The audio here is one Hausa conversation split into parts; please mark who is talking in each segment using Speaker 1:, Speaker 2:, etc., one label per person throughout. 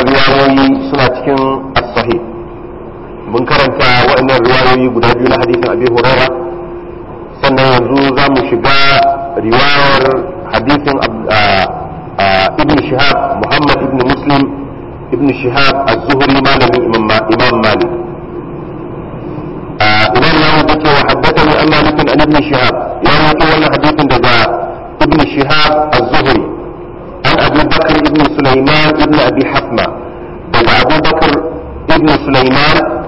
Speaker 1: waɗannan riwayoyi suna cikin asahi mun karanta waɗannan riwayoyi guda biyu na hadisin abi huraira sannan yanzu za mu shiga riwayar hadisin ibn shihab muhammad ibn muslim ibn shihab az-zuhri malamin imam malik imam malik yake wa haddathani an malik an ibn shihab ya rawaito wannan hadisin daga ibn shihab az-zuhri أبي بكر بن سليمان بن أبي حتمة بل أبو بكر بن سليمان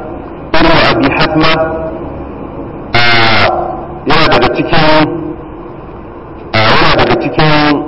Speaker 1: بن أبي حتمة yana daga cikin yana daga cikin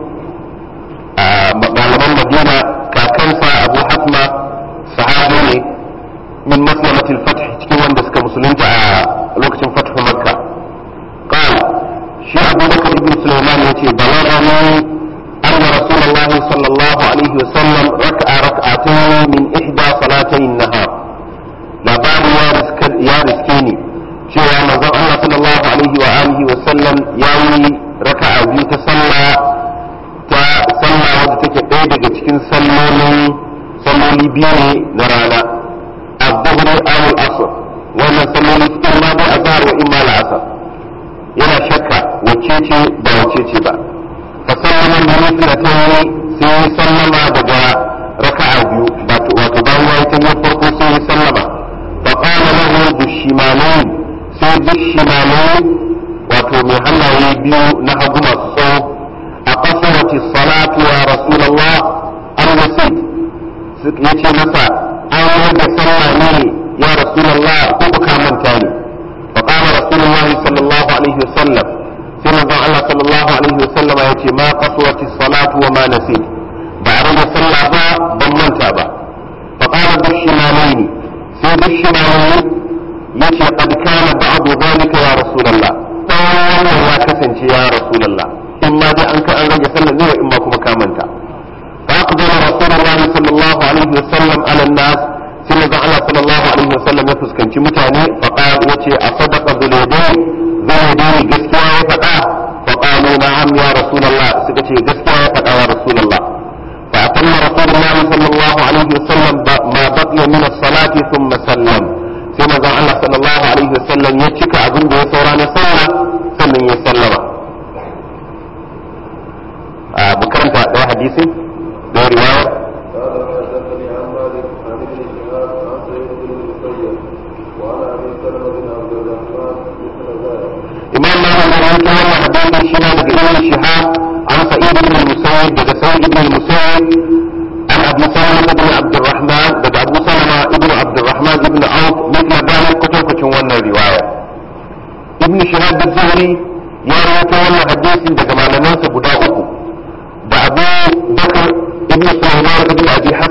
Speaker 1: hadisin da riwaya imam malik ya ta wannan hadisi shi ne daga ibn shihab an sa'id ibn musayyib daga sa'id ibn musayyib an abu salama ibn daga abu salama ibn abd alrahman ibn auf mithla dalik kwatankwacin
Speaker 2: wannan riwaya
Speaker 3: ibn shihab ya rawaito wannan hadisin daga malamansa guda uku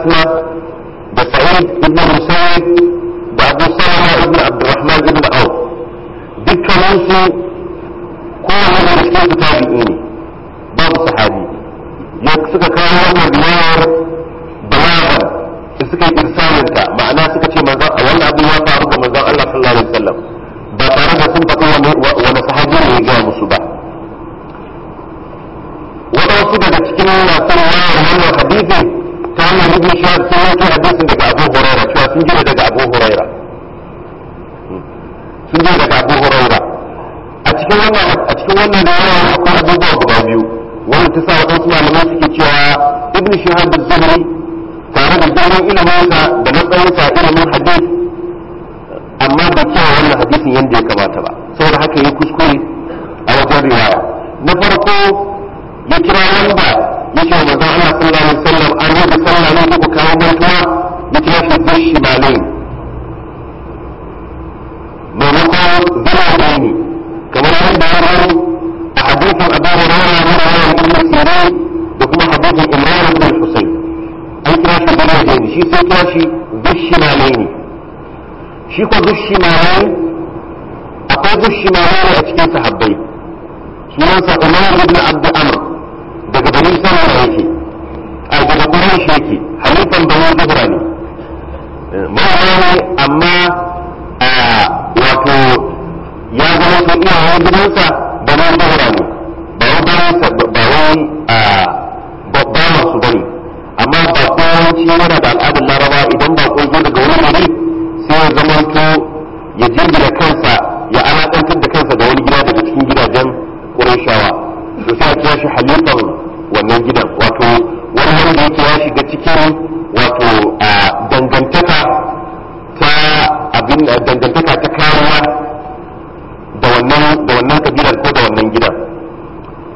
Speaker 3: أسود بسعيد ابن مسيد بأبو سلمة ابن عبد
Speaker 1: الرحمن ابن عوف ذكر منسو كل من الكتاب تابعين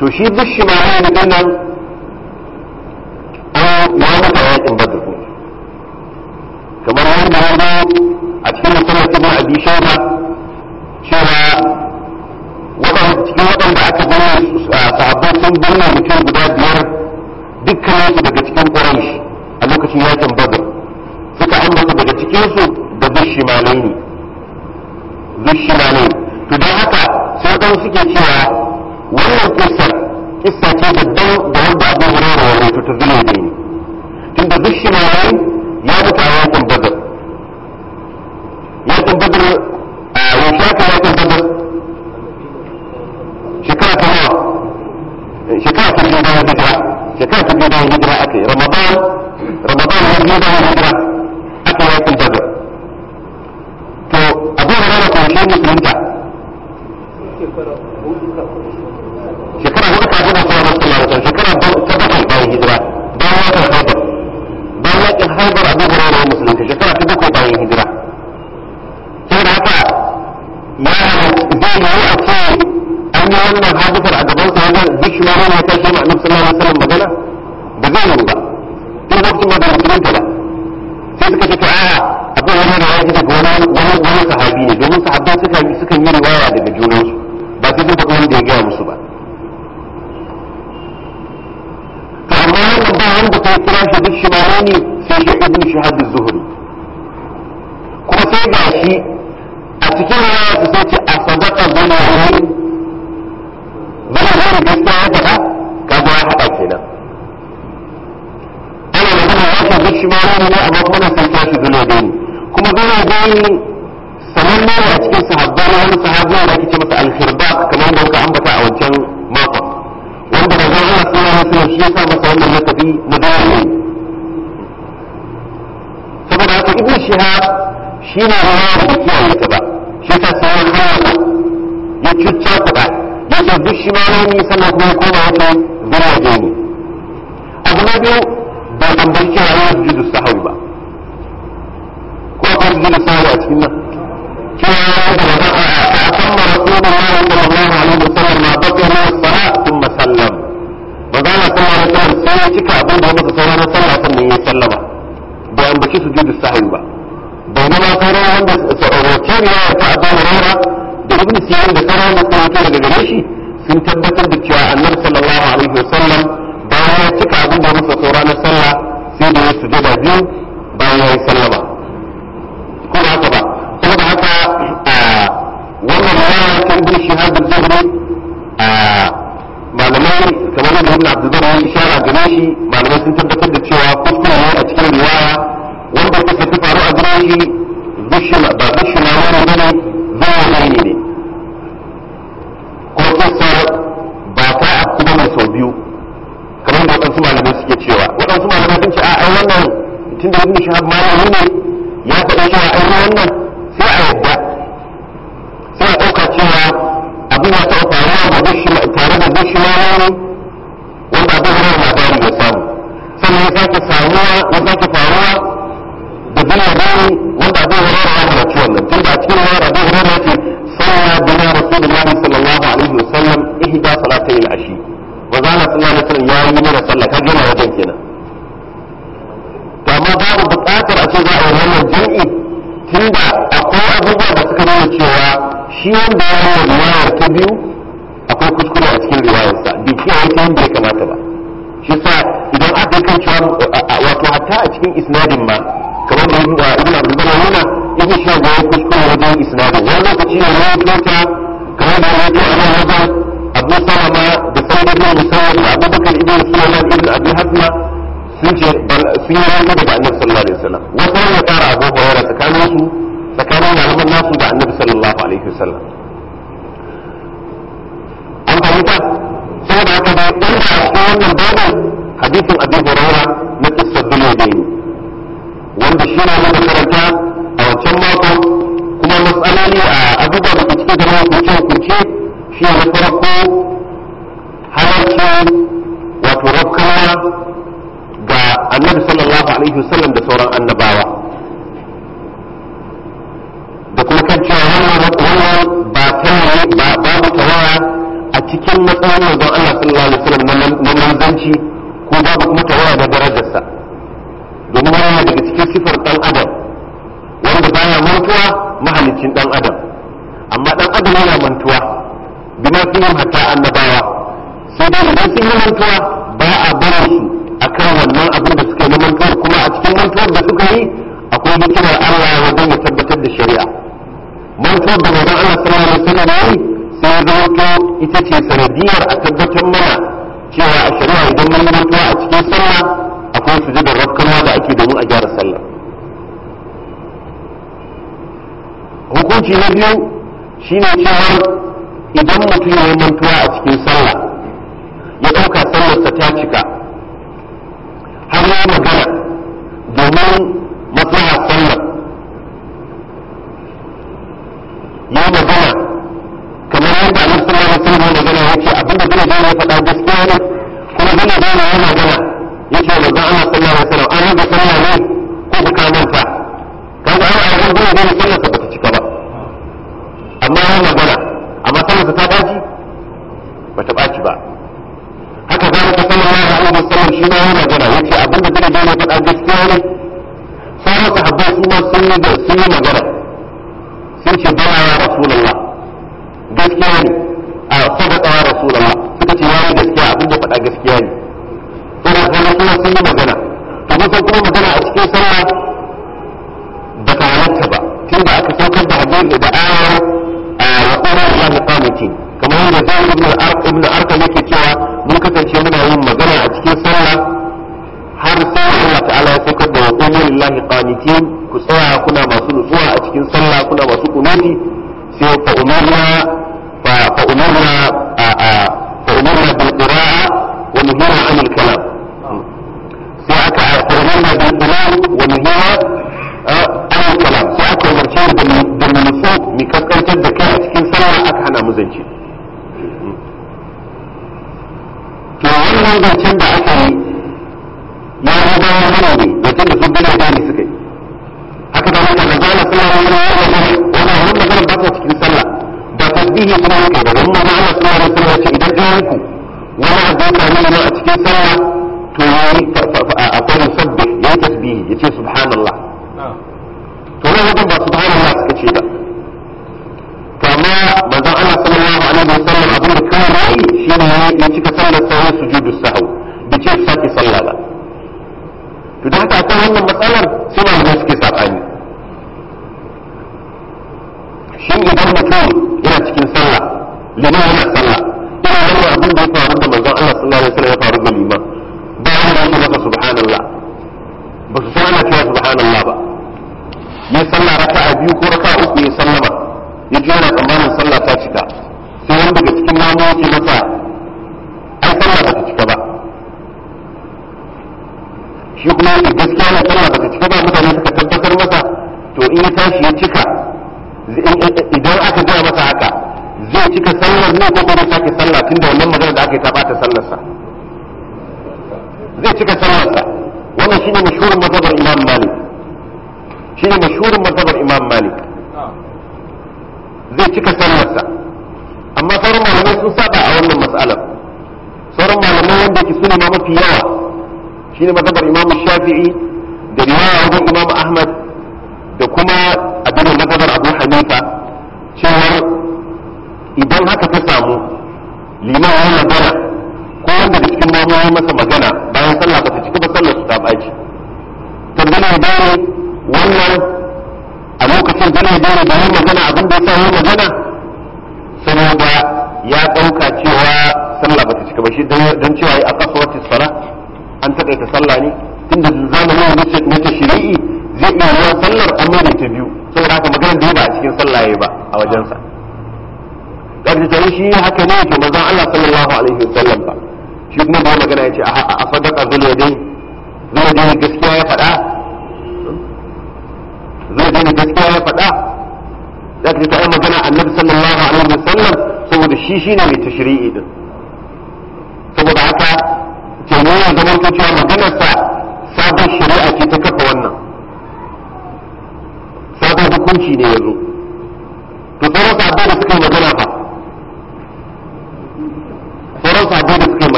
Speaker 1: تشير بالشمالين بدل او يوم حياه بدر كما قلنا هذا اتكلم صلى الله عليه ابي شيبه شرع وضع اتكلم عن بعث قريش صعبان كان بنا مكان بدا ديار دكان بدك تكون قريش انك في حياه بدر فتحمل بدك تكون ذو الشمالين ذو mantuwar da suka yi akwai hikimar Allah wajen ya tabbatar da shari'a mantuwar da manzon Allah sallallahu alaihi wasallam yi sai ya zama ita ce sanadiyar a tabbatar mana cewa a shari'a idan mun mantuwa a cikin sallah akwai sujudar rakkawa da ake da mu a gyara sallah hukunci na biyu shine cewa idan mutum ya yi mantuwa a cikin sallah ya ɗauka sallarsa ta cika har ya magana domin matsala sallar
Speaker 3: ya magana kamar yadda annabi sallallahu alaihi wasallam ya magana yake abinda zai da ya faɗa
Speaker 1: gaskiya ne kuma zai da ya magana yake da Allah sallallahu alaihi wasallam an yi sallah ne wasallam ya faru ga liman ba wanda subhanallah ba su san ana cewa subhanallah ba ya sallah raka'a biyu ko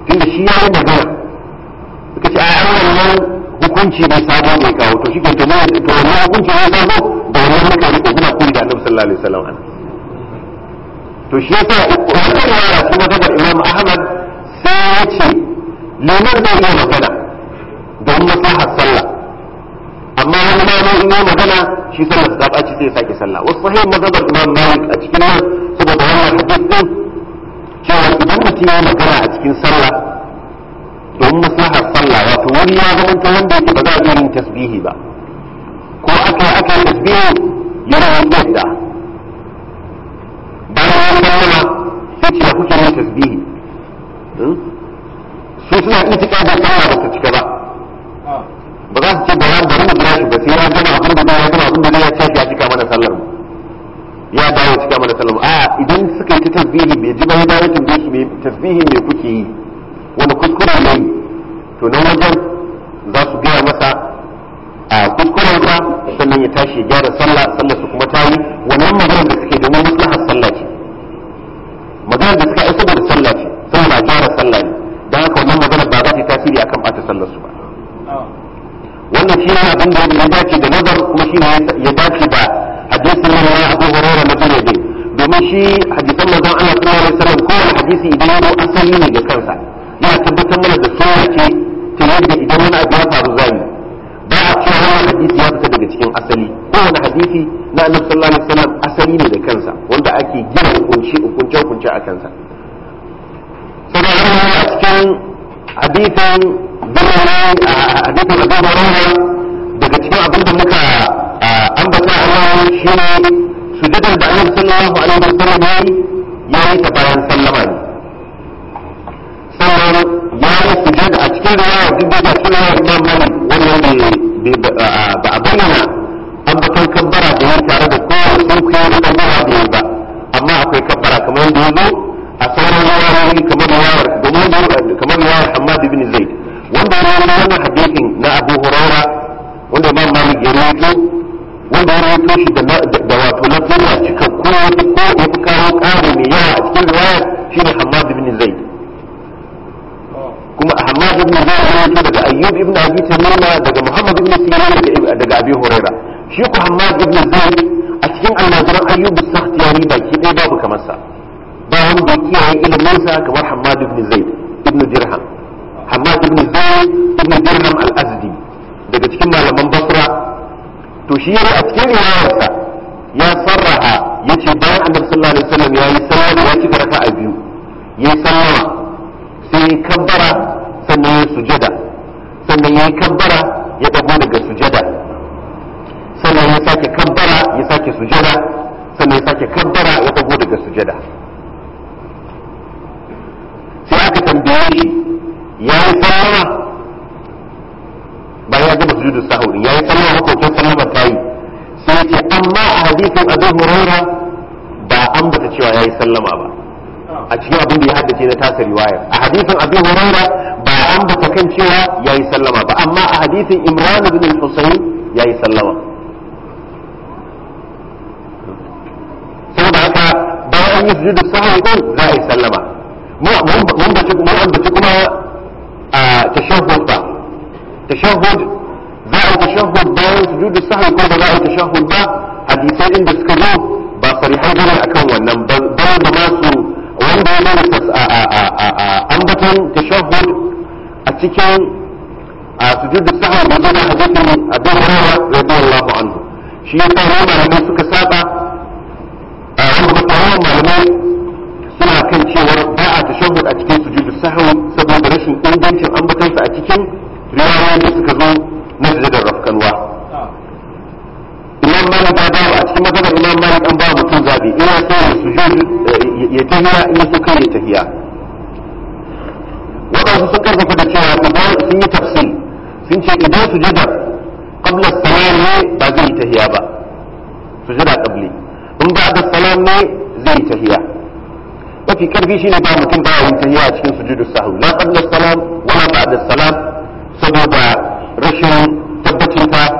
Speaker 1: inda shi ya yi magana suka ce a yi wannan hukunci mai sabo mai kawo to shi ke to wani hukunci mai sabo da wani muka yi ko muna koyi da annabi sallallahu alaihi wasallam to shi yasa wannan riwaya kuma daga imam ahmad sai ya ce liman zai yi magana don maslahar sallah amma wani ma ne ina magana shi sallar ta ci sai ya sake sallah wasu sahihin madhabar imam malik a cikin saboda wannan hadith din idan mutum ya magana a cikin sallah domin maslahar sallah wato wani ya zama ta wanda yake ba za a yin tasbihi ba ko aka yi aka yi tasbihi yana wani yadda bayan ya sallama sai ce kuke yin tasbihi hmm? su suna intika da sallah ba ta cika ba ba za su ce bayan bari mu jira shi ba sai ya gama abin da ya gama abin da ya ce ya cika mana sallar mu ya dawo cika mana sallar mu a idan suka yi ta tasbihi bai ji ba ya dawo tambaye me tasbihi me kuke yi wani kuskure ne to nan wajen za su gaya masa a kuskuren ka sannan ya tashi ya gyara sallah sallar su kuma tayi wannan maganar da suke domin maslahar sallah ce maganar da suka yi saboda sallah ce saboda gyara sallah ne don haka wannan maganar ba za ta tasiri akan bata sallar su ba wannan shi ne abin da ya dace da nazar kuma shi ne ya dace da hadisin na Abu Hurairah na Bukhari domin shi hadisi idan ya asali ne ga kansa yana tabbatar mana da sunna ce ta yadda idan wani abu ya faru zani ba a cewa wani hadisi ya fita daga cikin asali kowane hadisi na annabi sallallahu alaihi wasallam asali ne da kansa wanda ake gina hukunci hukunce hukunce a kansa sannan yana a cikin hadisin zamanin hadisin abu hurairah daga cikin abin da muka ambata Allah shi ne sujudar da annabi sallallahu alaihi wasallam ya yi ta bayan sallama ne wannan ya yi sujud a cikin riwaya duk da cikin riwaya imam malik wannan ba a bayyana ambatan kabbara da yin tare da kowane sun kuyi da kabbara da yin ba amma akwai kabbara kamar yadda ya zo a sauran riwayoyi kamar riwayar domin kamar riwayar hamad ibn zaid wanda ya rawaito wannan hadisin na abu huraira wanda imam malik ya rawaito wanda ya rawaito shi da wato lafiya cikakku ko ya fi kawo ƙari mai yawa a cikin riwayar shine hamad ibn zaid kuma Ahmad ibn Zayd daga Ayyub ibn Abi Tamima daga Muhammad ibn Sirin daga Abi Huraira shi ku Ahmad ibn Zayd a cikin almajiran Ayyub as-Sakhtiyani baki ɗaya babu kamar sa ba wanda kiyaye ilimin sa kamar Ahmad ibn Zayd ibn Dirham Ahmad ibn Zayd ibn Dirham al-Azdi daga cikin malaman Basra to shi yana a cikin riwayarsa ya sarraha yace bayan Annabi sallallahu alaihi wasallam yayi sallah ya cika raka'a biyu yayi sallah yi kabbara sannan ya sujada sannan ya yi kabbara ya dago daga sujada sannan ya sake kabbara ya sake sujada sannan ya sake kabbara ya dago daga sujada sai aka tambaye shi ya yi sallama ba ya gama sujudu sahuri ya yi sallama ko sallama ta yi sai ya ce amma a hadisin abu huraira ba an bata cewa ya yi sallama ba a cikin abin da ya haddace na tasa riwaya a hadisin abu huraira ba an bata kan cewa yayi sallama ba amma a hadisin imran ibn al-husayn yayi sallama saboda haka bayan yi sujudu sahwi din za a yi sallama mun bace kuma an bace kuma a tashahhud ba tashahhud za a yi tashahhud bayan sujudu sahwi ko ba za a yi tashahhud ba hadisai din da suka zo ba sarihai bane akan wannan ba da masu an bai mana ambaton tashahud a cikin a sujudu sahwa da zama hadisin abin rawa radiyallahu anhu shi ya kawo malamai suka saba a wanda malamai suna kan cewar ba a tashahud a cikin da sahwa saboda rashin ingancin ambatonsa a cikin riwayoyin da suka zo na sujudar rafkanwa imam malik ya ba a cikin matsalar imam malik an ba mutum zabi ina so ya sujud ya tahiya ina so kai ya tahiya waɗansu sun karfafa da cewa kamar sun yi tafsir sun ce idan sujudar qabla salam ne ba zai yi tahiya ba sujuda qabli in ba da salam ne zai yi tahiya mafi karfi shine ba mutum ba yin tahiya a cikin sujudu sahwi la qabla salam wala ba'da salam saboda rashin tabbacin ta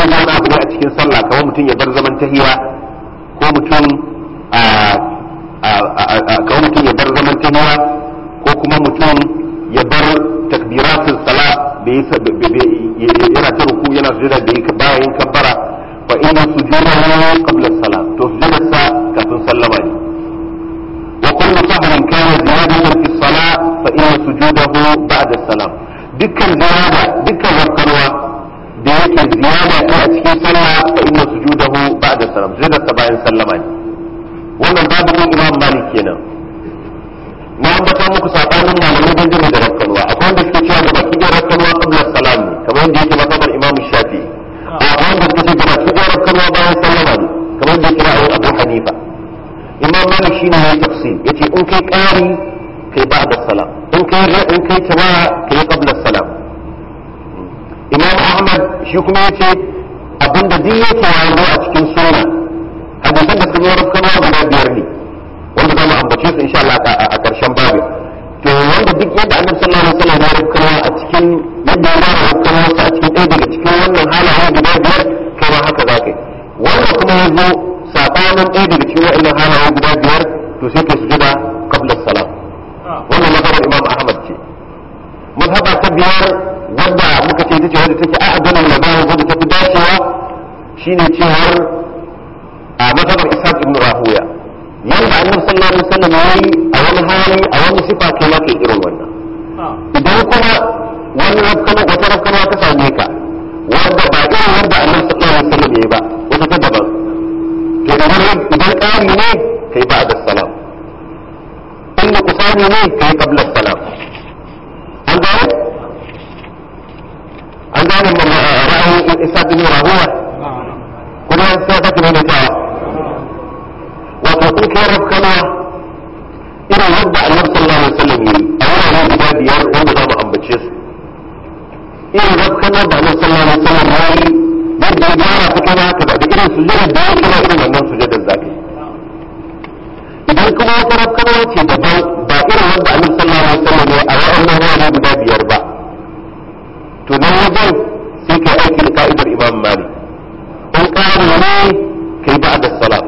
Speaker 1: duk wani abu ne a cikin sallah kamar mutum ya bar zaman tahiya ko mutum kamar mutum ya bar zaman tahiya ko kuma mutum ya bar takbiratul sala bai yana ta ruku yana sujada da baya yin kabbara fa inna sujudahu qabla salat to sujudarsa kafin sallama ne wa kullu sahrin kana ziyadatan fi salat fa inna sujudahu ba'da salam dukkan ziyada dukkan warkarwa yake yana ta a cikin sallah fa inna sujudahu ba'da salam zai ta bayan sallama ne wannan babu ko imam malik kenan na ambata muku sabanin malamai dangane da rakkanwa akwai wanda suke cewa da baki da rakkanwa qabla salam ne kamar yadda yake makabar imam shafi a wanda suke cewa da baki da rakkanwa bayan sallama ne kamar yadda yake ra'ayin abu hanifa imam malik shine ya tafsir yace in kai kari kai ba'da salam in kai in kai tawa kai qabla salam imam ahmad shi kuma yace abinda duk yake yawo a cikin sunna hadisan da suka yi rukkanuwa guda biyar ne wanda zamu ambace su insha Allah a karshen babin to wanda duk yadda annabi sallallahu alaihi wasallam ya rukkanuwa a cikin yadda ya rukkanuwa a cikin ɗaya daga cikin wannan halaye guda biyar kai haka za ka wanda kuma ya zo sabanin ɗaya daga cikin wannan halaye guda biyar to sai ka sujuda qabla salam wannan mazhabar imam ahmad ce mazhaba ta biyar wadda muka ce ita ce wadda take a'adana mazahib wadda take dacewa shine cewar a madabar ishaq ibn rahuya yanda annabi sallallahu alaihi wasallam yayi a wani hali a wani sifa ke ma irin wannan idan kuma wani rafkana wata rafkana ta same ka wanda ba irin wanda annabi sallallahu alaihi wasallam yayi ba wata ta daban to da idan idan kai ne kai ba da salam inda kusani ne kai kabla salam زمان رأوا إسحاق بن راهوة
Speaker 3: كنا سافت من نتاوى وتوقيت يا رب
Speaker 1: كما إلى يبدع النبي صلى الله عليه وسلم أولا من كتاب يار وما دام أم بتشيس إلى رب كما بعد صلى الله عليه وسلم هاي بدأ جارة فكما هكذا بكرة سجد الدائم كما إلى أنه سجد الزاكي idan كما wata rafkana ce daban ba irin wanda الله عليه وسلم wasallam ya a wa'annan wani to nan wajen sai kai aiki da ka'idar imam Mali. in ƙari ne kai ba da salam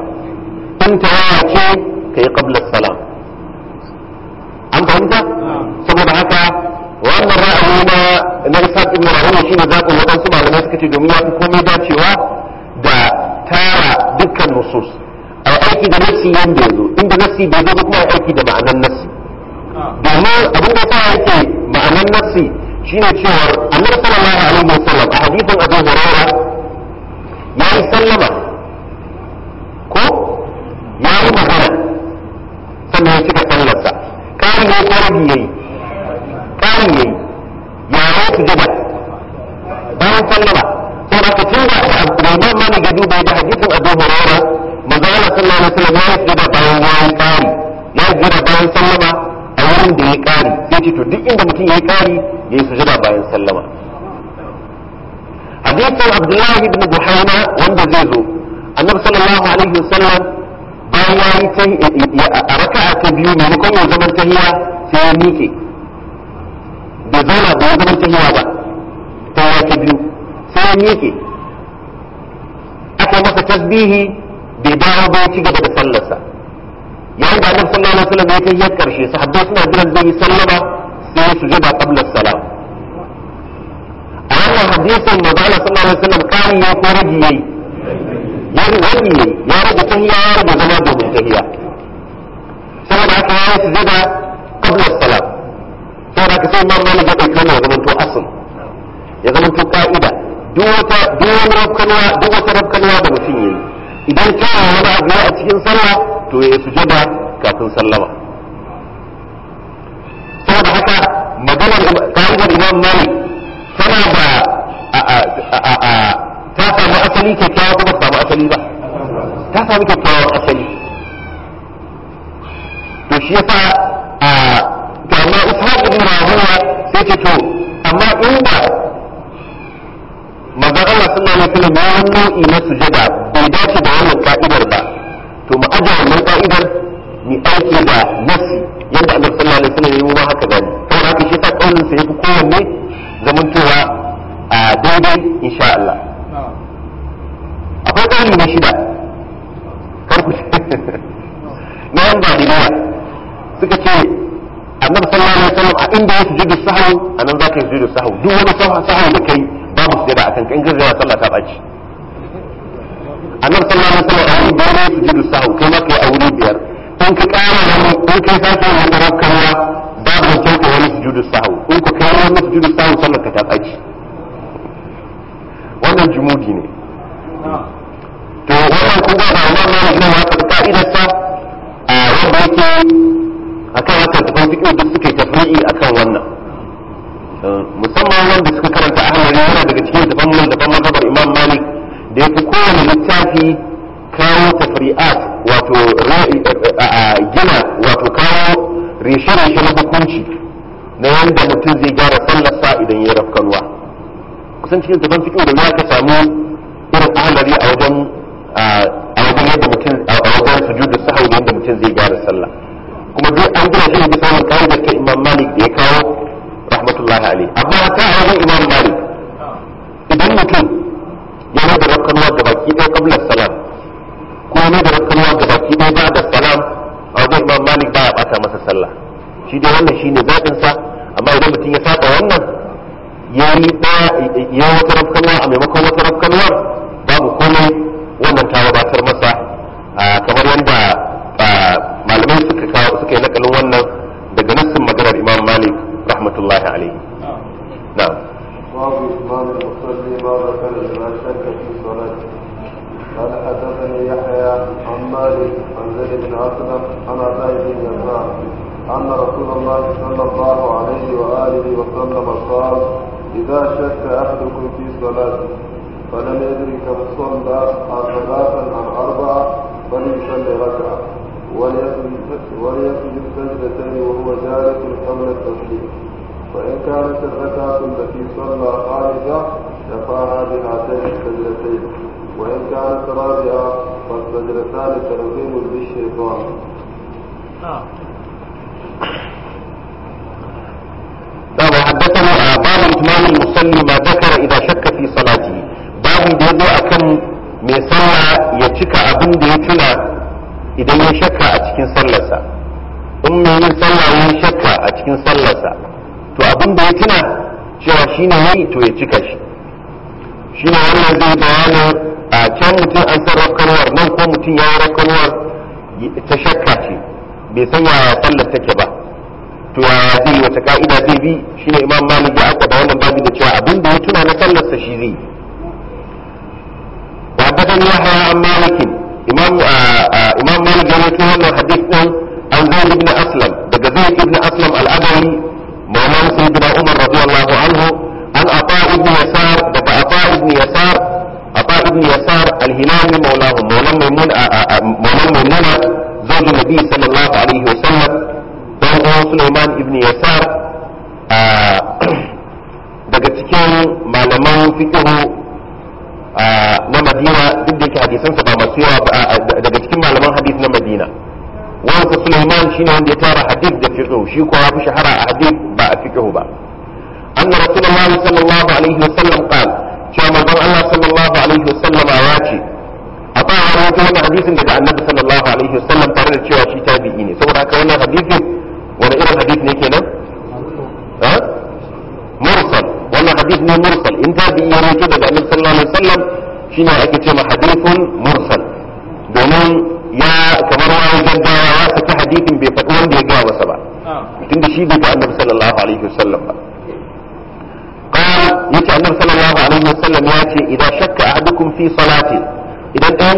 Speaker 1: in yawa ce kai ƙabla salam an fahimta saboda haka wannan ra'ayi na na Isaac ibn Rahuya shine zaɓin waɗansu malamai suka ce domin ya fi komai dacewa da tara dukkan nusus a aiki da nassi yanda yazo inda nassi bai zo kuma aiki da ma'anar nassi domin abin da ta yake ma'anar nassi shine cewa annabi sallallahu alaihi wasallam a hadisin abu hurairah ya yi sallama ko ya yi magana sannan ya cika sallarsa kai ne ko rabi duk inda mutum ya yi kari ya yi sujada bayan sallama hadisin abdullahi ibn buhaina wanda zai zo annabi sallallahu alaihi wasallam bayan ya yi a raka'a ta biyu maimakon ya zama tahiya sai ya miƙe Da zama ba ya zama tahiya ba tahiya ta biyu sai ya miƙe aka masa tasbihi bai dawo ba ya ci gaba da sallarsa yayin da annabi sallallahu alaihi wasallam ya kai ya karshe sahabbai suna jiran zai yi sallama sai ya sujada qabla salam a wannan hadisin da Allah sallallahu alaihi wasallam kari ya ko rage ya rage yayi ya rage tahiyya ya rage zama domin tahiyya saboda haka ya sujada qabla salam saboda haka sai Imam Malik ya dauke ne ya zama to ya zama to ka'ida duk wata duk wani rabkanwa duk wata rabkanwa da mutum idan kana wani a cikin sallah to ya kafin sallama maganar ka'idar imam malik tana da ta samu asali kyakkyawa ko ba samu asali ba ta samu kyakkyawar asali to shi yasa a to amma ishaq ibn rahuwa
Speaker 3: sai ce to amma in inda manzon Allah sallallahu alaihi wasallam ya
Speaker 1: nau'i na sujada bai dace da wannan ka'idar ba to mu aje wannan ka'idar mu aiki da nasi yadda Allah sallallahu alaihi wasallam ya yi mu haka gani haka shi ta kaunin sa yafi kowanne zamantowa a daidai insha Allah akwai kauli na shida na yan jariya suka ce annabi sallallahu alaihi wasallam a inda ya sujudu sahau anan zaka yi sujudu sahu duk wani sahu da kai ba mu babu da akan kan gaza sallah ta baci annabi sallallahu alaihi wasallam a wuri biyar ya sahu kai ma kai a wuri biyar kan ka kara wani in kai sake wani ba mu. sujudu sahu in ku kai wani sujudu sahu sallar ka ta tsaki wannan jumudi ne to wannan kun ga wannan ne ne ya faɗi ka'idar sa a wanda yake akan haka tafan fiƙi duk suka yi tafri'i akan wannan musamman wanda suka karanta ahmari yana daga cikin tafan mun da ban gabar imam malik da ya fi kowane littafi kawo tafri'at wato gina wato kawo rishe-rishe na hukunci na yanda mutum zai gyara sallarsa idan ya rafkanwa kusan cikin tafan fikin da ya ka samu irin alari a wajen a wajen yadda mutum a wajen sujudu sahau da yadda mutum zai gyara sallah kuma duk an gina shi bisa wannan kaidar ta Imam Malik da ya kawo rahmatullahi alaihi amma ta wajen Imam Malik idan mutum ya da rakkanwa da baki ɗaya qabla salam ko ne da rakkanwa da baki ɗaya ba da salam a wajen Imam Malik ba ya ɓata masa sallah shi dai wannan shine zaɓin sa amma idan mutum ya saba wannan ya yi ya wata rafkanwa a maimakon wata rafkanwa babu komai wannan ta gabatar masa kamar yadda malamai suka kawo suka yi nakalin wannan daga nassin maganar imam malik rahmatullahi alaihi na'am
Speaker 2: باب إمام المصلي ما ذكر لما شك في صلاته قال حدثني يحيى عن مالك عن زيد بن أسلم ana عطاء da يسار أن رسول الله صلى الله عليه وآله وسلم قال إذا شك أحدكم في صلاته فلم يدري كم صلى ثلاثا أم أربعة فليصلي ركعة وليسجد سجدتين وهو جالس قبل التسليم فإن كانت الركعة التي صلى خارجة شفاها بهاتين السجدتين وإن كانت رابعة فالسجدتان تنظيم للشيطان. آه.
Speaker 1: باب حدثنا قال إمام المصلي ما ذكر اذا شك في صلاته باب بيضو أكم من صلى يتشك أبن بيتنا إذا يشك أتكين صلسا أم من صلى يشك أتكين صلسا تو ابن بيتنا cewa shi ne yayi to ya cika shi shi ne wannan zai bayanin a can mutum an san rakanwar nan ko mutum bai san yaya sallar take ba to yaya zai wata ka'ida zai bi shine imam malik ya aka da wannan babu da cewa abin da ya tuna na sallar sa shi zai wa badan ya haya an malikin imam imam malik ya wannan hadith din an zaid ibn aslam daga zai ibn aslam al-adawi shine ake ce ma hadithun mursal domin ya kamar wani gaggawa ya saki hadithin bai faɗi wanda ya gaya masa ba da shi bai ga annabi sallallahu alaihi wasallam ba قال يتي النبي ya ce idan shakka a اذا fi احدكم idan صلاته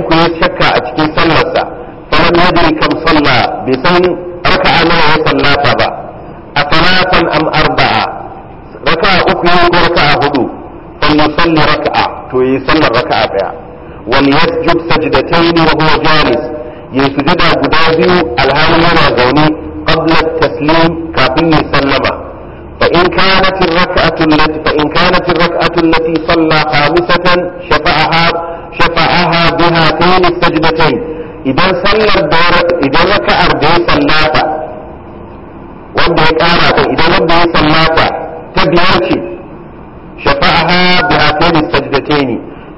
Speaker 1: ku ya shakka a cikin sallarsa falam yadri kan salla bai san raka'a nawa ya sallata ba a salatan am arba'a raka'a uku ko raka'a hudu yusalli raka'a to yi sallar raka'a daya wal yasjud sajdatayn wa huwa jalis yayi sujada guda biyu alhalin yana zaune qabla taslim kafin ya sallama fa in kanat ar-rak'atu allati fa in kanat ar-rak'atu allati salla khamisatan shafa'aha shafa'aha biha idan sallar da wanda ya kara ta idan wanda ya sallata ta ce shafa'aha bi hatayni sajdatayn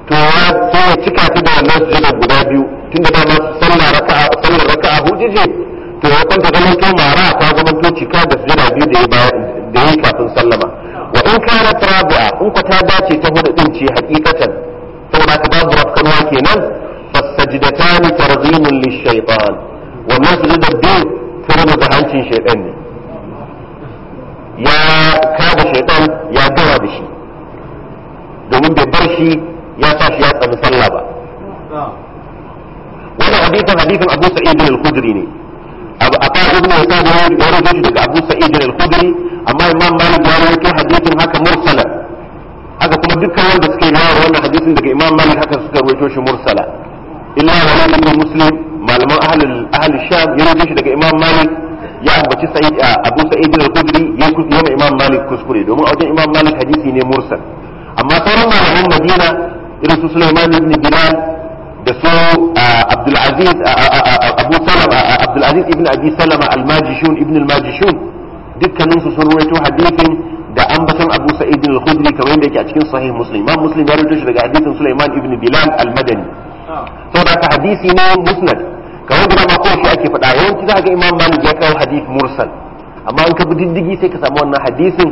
Speaker 1: to ya sai ya cika ta da wannan sujada guda biyu tunda da masu sallar raka'a sallar raka'a hujje to ya kwanta zaman to mara ta zaman to cika da sujada biyu da ya da kafin sallama wa in kana rabi'a in ka ta dace ta hudu ɗin ce hakikatan saboda ka babu rafkanwa kenan fasajidatan tarzimun lishaytan wannan sujada biyu furu da hancin shaytan ne ya kada shaitan ya dawa da shi domin bai bar shi ya sa ya tsami sallah ba wannan hadithin hadithin abu sa'id al-khudri ne abu ata ibn al-qadi ya rawaito shi daga abu sa'id al-khudri amma imam malik ya rawaito hadithin haka mursala haka kuma dukkan wanda suke riwaya wannan hadithin daga imam malik haka suka rawaito shi mursala illa wa ibn muslim malaman ahlul ahlul sham ya rawaito shi daga imam malik ya ambaci sa'id abu sa'id al-khudri ya kusa kuskure imam malik kuskure domin a wajen imam malik hadisi ne mursal amma sauran malaman madina irin su sulaiman ibn bilal da su ah, abdulaziz ah, ah, abu salama abdulaziz ibn abi salama al ibn al dukkanin su sun ruwaito hadisin da ambaton abu sa'id al-khudri kamar yadda yake a cikin sahih muslim ma muslim ya ruwaito shi daga hadisin Suleiman ibn bilal al-madani da ka hadisi ne musnad kamar da ma ko shi ake faɗa yawanci za ga imam malik ya kawo hadith mursal amma in ka bi diddigi sai ka samu wannan hadisin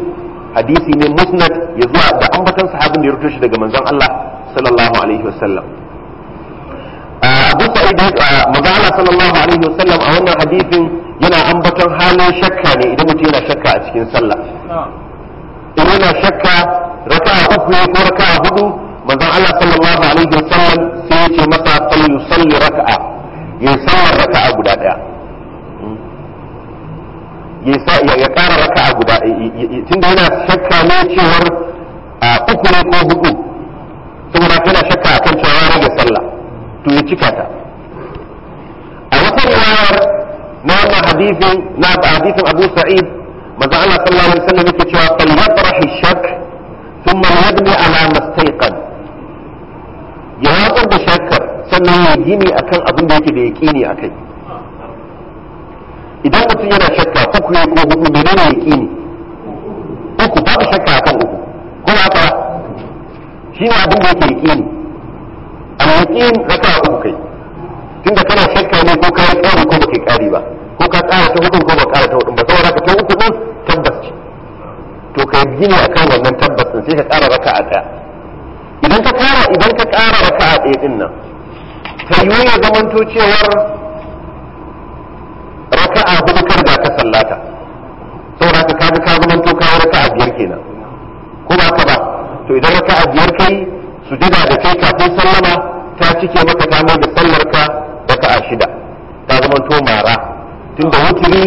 Speaker 1: hadisi ne musnad ya zuwa da ambatan sahabin da ya rubuto shi daga manzon Allah sallallahu alaihi wasallam Abu Sa'id magana sallallahu alaihi wasallam a wannan hadisin yana ambatan halin shakka ne idan mutum yana shakka a cikin sallah in yana shakka raka'a uku ko raka'a hudu manzon Allah sallallahu alaihi wasallam sai ya ce masa sallu salli raka'a ya sallar raka'a guda daya ya ƙara raka a guda tun da yana shakka ne cewar a uku ne ko hudu saboda kana shakka a kan cewa rage sallah to ya cika ta a wata riwayar na wannan hadisin na hadisin Abu Sa'id manzo Allah sallallahu alaihi wasallam yake cewa fal yatrahi shak thumma yadmi ala mastayqan ya watsar da shakkar sannan ya gini akan abin da yake da yaqini akai idan mutum yana shakka uku ne ko hudu menene yake ne uku babu shakka akan uku ko haka shi ne abin da yake yake ne a yaki raka uku kai da kana shakka ne ko kayan tsari ko baka kari ba ko ka kara ta hudu ko ba kara ta hudu ba saboda ka ta uku ne tabbas ce to ka gini a kan wannan tabbas sai ka kara a ɗaya idan ka kara idan ka kara a ɗaya din nan ta yiwu ya zamanto cewar raka'a hudu kan da ka sallata saboda ka ka zama to kai raka'a biyar kenan ko ba ka ba to idan raka'a biyar kai sujada da kai kafin sallama ta cike maka ta mai da sallar ka raka'a shida ta zama to mara tun da wutiri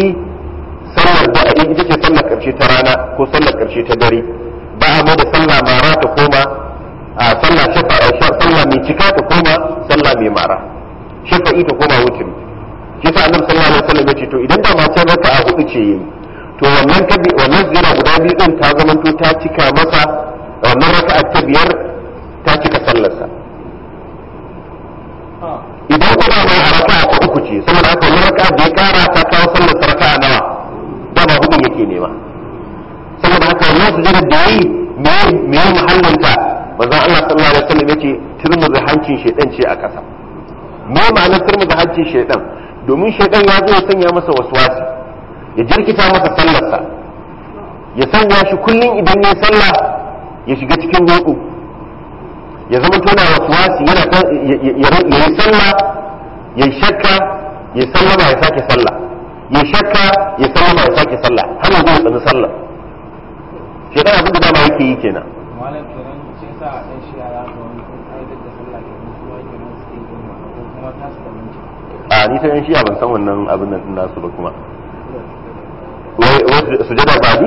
Speaker 1: sallar da ita ce sallar karshe ta rana ko sallar karshe ta dare ba a mai da sallar mara ta koma a sallah shafa'a sallar mai cika ta koma sallar mai mara shafa'i ta koma wutiri shi annabi sallallahu alaihi wasallam yace to idan da mace raka a hudu ce yi to wannan tabi wannan zira guda biyu din ta to ta cika masa wannan raka'a ta biyar ta cika sallarsa idan kuma ba a raka'a ta uku ce saboda haka wannan raka'a da ya kara ta kawo sallar raka'a nawa ba hudu yake nema saboda haka wannan zira da yi me me muhallinta manzon Allah sallallahu alaihi wasallam yace turmu da hancin shedan ce a kasa me ma'anar turmu da hancin shedan domin shaidan ya zo ya sanya masa waswasi ya jirkita masa sallarsa ya sanya shi kullum idan ya sallah ya shiga cikin roƙo ya zama tona waswasi yana ya yi salla ya yi shakka ya ba ya sake sallah ya shakka ya sallama ya sake sallah har yanzu ya tsani sallah shaidan abin da dama yake yi kenan
Speaker 2: ni ta yan shiya ban
Speaker 1: san wannan abin nan nasu ba kuma wai jada ba bi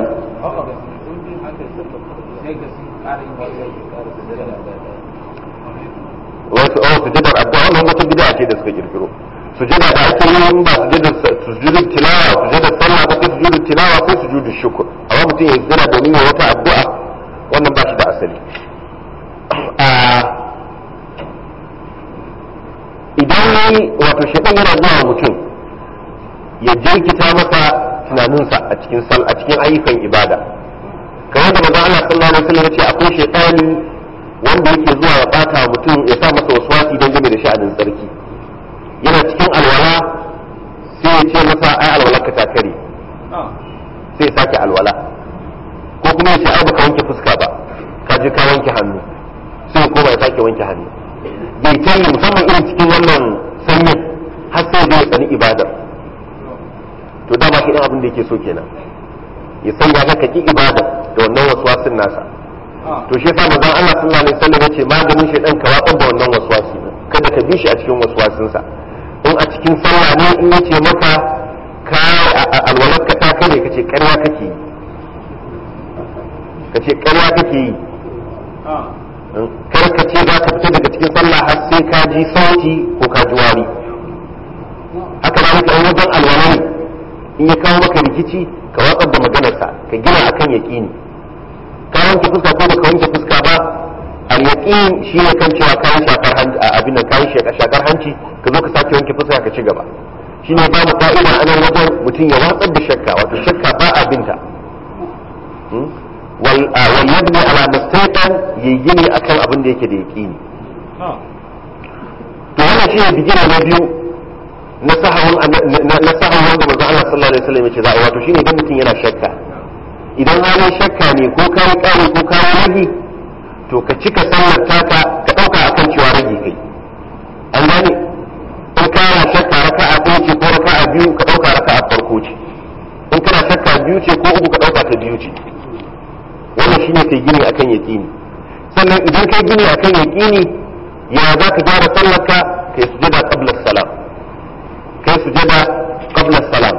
Speaker 1: wasu jada oh, sujadar addu'a wannan wata gida ce da suka kirkiro jada da ake yi ba su jada tilawa jada sallah su jada tilawa ko sujudul shukr wani mutum ya sujada domin wata addu'a wannan ba shi da asali akwai wato shaɗan yana zuwa mutum ya jirkita masa tunaninsa a cikin sal a cikin ayyukan ibada kamar da maza Allah sallallahu alaihi wasallam ya akwai shaytani wanda yake zuwa ya bata mutum ya sa masa waswasi don game da sha'anin sarki yana cikin alwala sai ya ce masa ai alwala ka ta kare sai ya sake alwala ko kuma ya ce ai baka wanke fuska ba ka je ka wanke hannu sai ko ba ya sake wanke hannu bai kai musamman irin cikin wannan sanyin har sai zai tsani ibada to dama shi abin da yake so kenan ya san ya ga ki ibada da wannan waswasin nasa to shi yasa manzon Allah sallallahu alaihi wasallam yace maganin shaydan ka watsar da wannan waswasi kada ka bi shi a cikin waswasin sa in a cikin sallah ne in yace maka ka alwalar ka ta kare kace ƙarya kake yi kace ƙarya kake yi
Speaker 2: ah. karkace
Speaker 1: za ka fito daga cikin sallah har sai ka ji sauti ko ka ji wari haka ba ka wajen alwala in ya kawo maka rikici ka watsar da maganarsa ka gina akan yaƙini ka wanke fuska ko ba ka wanke fuska ba a yaƙin shi ne kan cewa ka yi shakar hanci a abin nan ka yi shakar hanci ka zo ka sake wanke fuska ka ci gaba shi ne ba mu fa'ida a nan wajen mutum ya watsar da shakka wato shakka ba abinta hmm? wal ah, yabni ala mustaqan yayi gini akan abin da yake da yaqini to wannan shine bigire na biyu na sahawun na sahawun wanda manzo Allah sallallahu alaihi wasallam ya ce za a shine idan mutum yana shakka idan wani shakka ne ko kai kare ko kai rage to ka cika sallar taka ka dauka akan cewa rage kai an gane in kana shakka raka'a ko ce ko raka'a biyu ka dauka raka'a farko ce in kana shakka biyu ce ko uku ka dauka ta biyu ce wannan shine kai gini akan yaqini sannan idan kai gini akan yaqini ya za ka gyara sallarka kai sujada qabla salam kai sujada qabla salam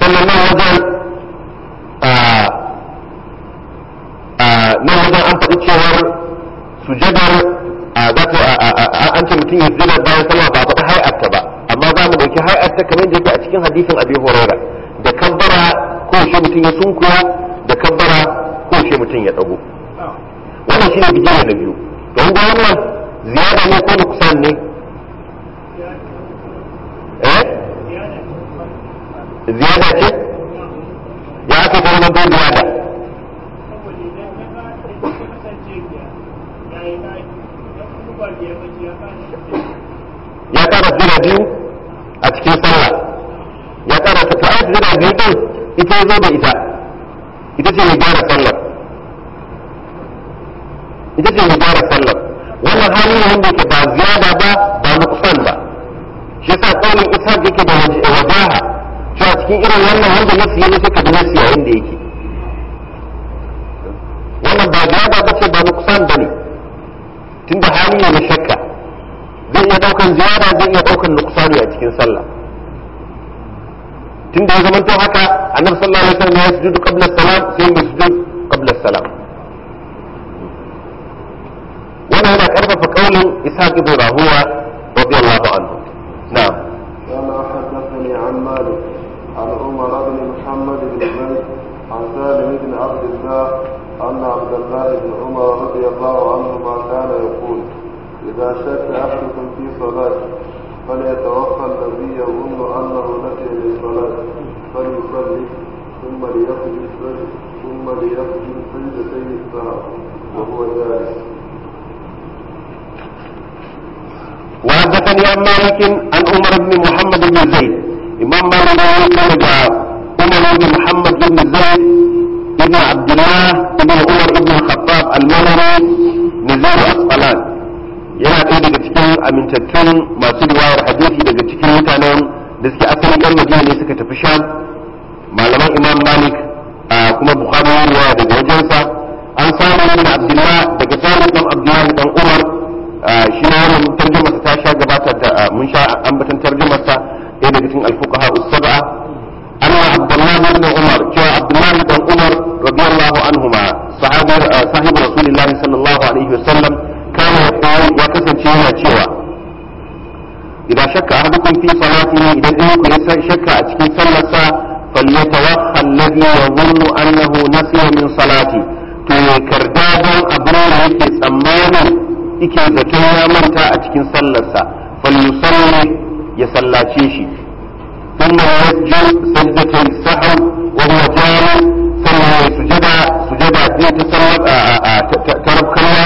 Speaker 1: sannan nan wajen a a nan wajen an faɗi cewar sujadar a za ta an ce mutum ya sujada bayan sallah ba faɗi hay'atta ba amma za mu ɗauki hay'atta kamar da a cikin hadisin abi hurairah da kabbara ko shi mutum ya sunkuya da kabbara ce mutum ya dago wannan ne bigire na biyu to kun ga wannan ziyara ne ko nuksan ne eh?
Speaker 2: ziyara ce ya aka ta zama ziyara
Speaker 1: ya kara zira biyu a cikin sallah ya kara ta ta'ad zira biyu ita zo da ita ita ce mai gyara sallar ita ce hijara sallar wannan hali ne wanda yake ba ziyada ba ba nuksan ba shi yasa kaunin isa da yake da wajaha cewa cikin irin wannan wanda ya siya ne suka bi na da yanda yake wannan ba ziyada ba ce ba nuksan ba ne tunda hali ne na shakka zai iya daukan ziyara zai iya daukan nuksani a cikin sallah tunda ya zama to haka annabi sallallahu alaihi wasallam ya sujudu qabla salam sai ya sujudu qabla salam إسحاق بن راهوة رضي الله عنه نعم
Speaker 2: قال حدثني عن مالك عن عمر بن محمد بن زيد عن سالم بن عبد الله أن عبد الله بن عمر رضي الله ما كان يقول إذا شك أحدكم في صلاة فليتوفى الذي يظن أنه نجي للصلاة فليصلي ثم ليخرج ثم ليخرج سجدتي السهر وهو جالس
Speaker 1: وحدثني عن مالك عن عمر بن محمد بن زيد امام مالك قال عمر بن محمد بن زيد بن عبد الله بن عمر بن الخطاب المنري نزار اسقلان yana ɗaya daga cikin amintattun masu riwayar hadisi daga cikin mutanen da suke asalin ɗan madina ne suka tafi sham malaman imam malik kuma bukhari riwaya daga wajensa an samu ina abdullah daga salim dan abdullah dan umar shi ne ta gabata da mun sha ambatan tarjumar ta ɗaya daga cikin alfuqaha us-sab'a anna abdullahi ibn umar cewa abdullahi ibn umar radiyallahu anhuma sahabi sahibi rasulullahi sallallahu alaihi wasallam kana ya kasance yana cewa idan shakka ahadukum fi salatihi idan ɗayan ku ya shakka a cikin sallarsa falyatawaffa alladhi yadhunnu annahu nasiya min salati to ya karda don abin da yake tsammanin yake zaton ya manta a cikin sallarsa falyusalli ya sallace shi thumma yajju sajdatan sahw wa huwa jari sannan ya sujada sujada ne ta sallar ta rabkarwa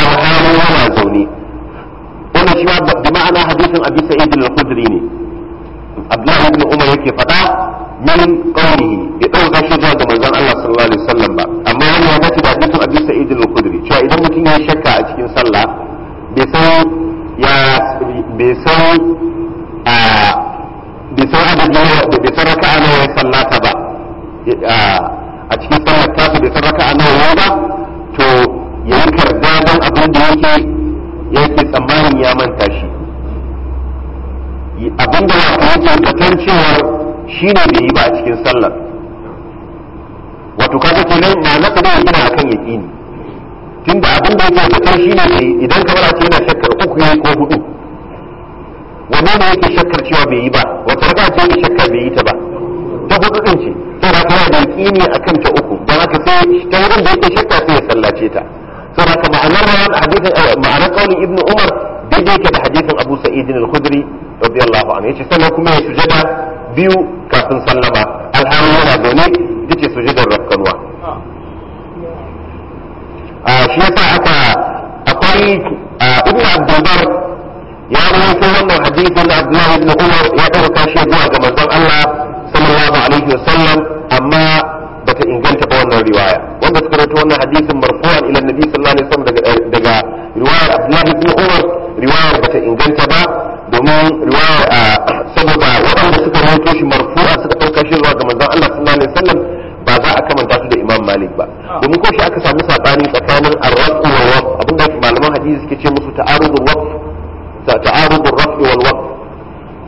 Speaker 1: alhalin yana zaune wannan shi ma da ma'ana hadisin abi sa'id al-khudri ne abdullahi ibn umar yake faɗa min qawlihi bi dau gashi da manzon Allah sallallahu alaihi wasallam ba dace da hadisin Abi Sa'id al-Khudri cewa idan mutum ya shakka a cikin sallah bai san ya bai san a bai san adadin bai san raka'a nawa ya sallata ba a cikin sallar tasa bai san a nawa ba to ya yi karda don abin da yake yake tsammanin ya manta shi abin da yake zaton cewa shi ne bai yi ba a cikin sallar wato kaga kenan na na kuma yana akan yaqini tunda abin da yake da kai shine idan ka bara yana shakkar uku ne ko hudu wannan ne yake shakkar cewa bai yi ba wata raka ce yake shakkar bai yi ta ba ta hudu din ce saboda kana da yaqini akan ta uku don haka sai ta wurin da yake shakka sai ya sallace ta saboda ka ma'anar hadisin eh, ma'anar qaulin ibnu umar daidai yake da hadisin abu sa'id al-khudri radiyallahu anhu yace sannan kuma ya sujada biyu kafin sallama alhamdulillah yana zaune sujudar rafkanuwa a shi yasa aka akwai ibn abdullah ya rawaito wannan hadisin abdullah ibn umar ya dauka zuwa ga manzon Allah sallallahu alaihi wasallam amma bata inganta ba wannan riwaya wanda suka rawaito wannan hadisin marfu'an ila sallallahu alaihi wasallam daga daga riwayar abdullah ibn umar riwayar bata inganta ba domin saboda waɗanda suka rawaito shi marfu'a suka dauka shi zuwa ga manzon Allah sallallahu alaihi wasallam aka manta su da imam malik ba domin ko shi aka samu sabani tsakanin arwaq wa waqf abinda malaman hadisi suke ce musu ta'arudul waqf ta'arudul raf'i wal waqf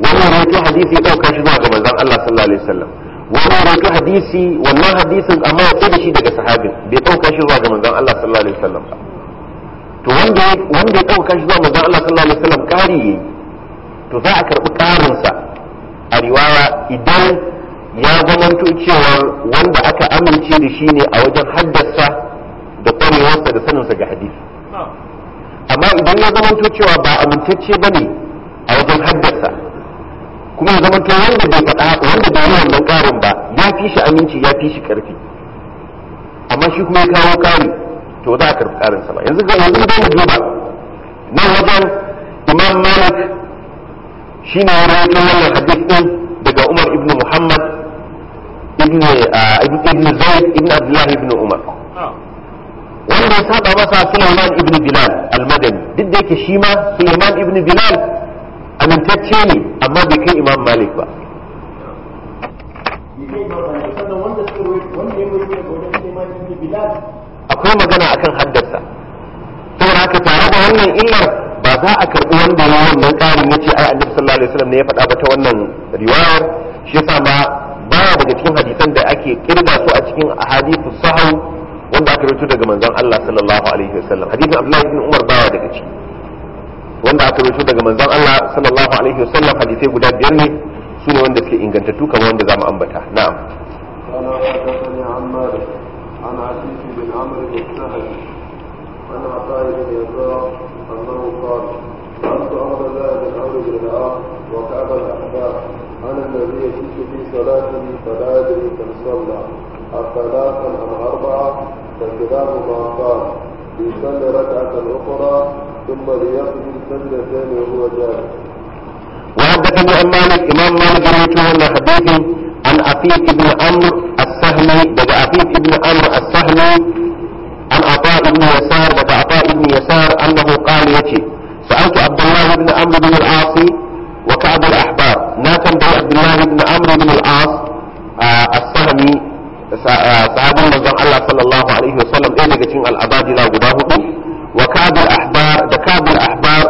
Speaker 1: wannan rawaito hadisi ya dauka shi zuwa ga manzon Allah sallallahu alaihi wasallam wannan rawaito hadisi wannan hadisin amma ya tsada shi daga sahabin bai dauka shi zuwa ga manzon Allah sallallahu alaihi wasallam ba to wanda wanda ya dauka shi zuwa manzon Allah sallallahu alaihi wasallam kari to za a karbi karin sa a riwaya idan ya zamanto cewa wanda aka amince da shi ne a wajen haddasa da kwarewarsa da saninsa ga hadisi amma idan ya zamanto cewa ba amintacce ba ne a wajen haddasa kuma ya zamanto wanda bai faɗa haka wanda bai yi wannan ƙarin ba ya fi shi aminci ya fi shi ƙarfi amma shi kuma ya kawo ƙari to za a karɓi ƙarinsa ba yanzu ga yanzu da mu duba nan wajen imam malik shi ne ya rawaito wannan hadis din daga Umar ibn Muhammad ibn ibn ibn Abdullah ibn Umar wanda ya saba masa Sulaiman ibn Bilal al-Madani duk da yake shi ma Sulaiman ibn Bilal amintacce ne amma bai kai Imam Malik ba akwai magana akan haddasa saboda haka tare da wannan illar ba za a karɓi wanda ya wannan tsarin na ce ai annabi sallallahu alaihi wasallam ne ya faɗa ba ta wannan riwayar shi yasa ma ya daga cikin hadisan da ake kirga su a cikin ahadithu sahau wanda aka rubuta daga manzon Allah sallallahu alaihi wasallam hadisin Abdullah ibn Umar ya daga ciki wanda aka rubuta daga manzon Allah sallallahu alaihi wasallam hadisai guda biyar ne su ne wanda suke ingantattu kamar wanda zamu ambata na'am
Speaker 2: قال حدثني عن مالك عن عتيق بن عمرو بن سهل عن عطاء بن يسار انه قال سالت امر الله بن عمرو بن العاص وكعب الاحباب عن النبي كنت في صلاته فلا ادري كم صلى اثلاثا ام اربعه فكلاهما قال ليصلي ركعه اخرى ثم ليقضي سجدتين وهو جالس
Speaker 1: وحدثني عن مالك امام مالك رويته عن حديث عن عفيف بن عمرو السهمي بدا عفيف بن عمرو السهمي an afa ibn yasar daga afa ibn yasar annahu qala yace sa'altu abdullahi ibn amr ibn al-as wa ka'b al-ahbar na tambayi abdullahi ibn amr ibn al-as as-sahmi sahabin manzon Allah sallallahu alaihi wasallam ɗaya daga cikin al-abadila guda hudu wa ka'b al-ahbar da ka'b al-ahbar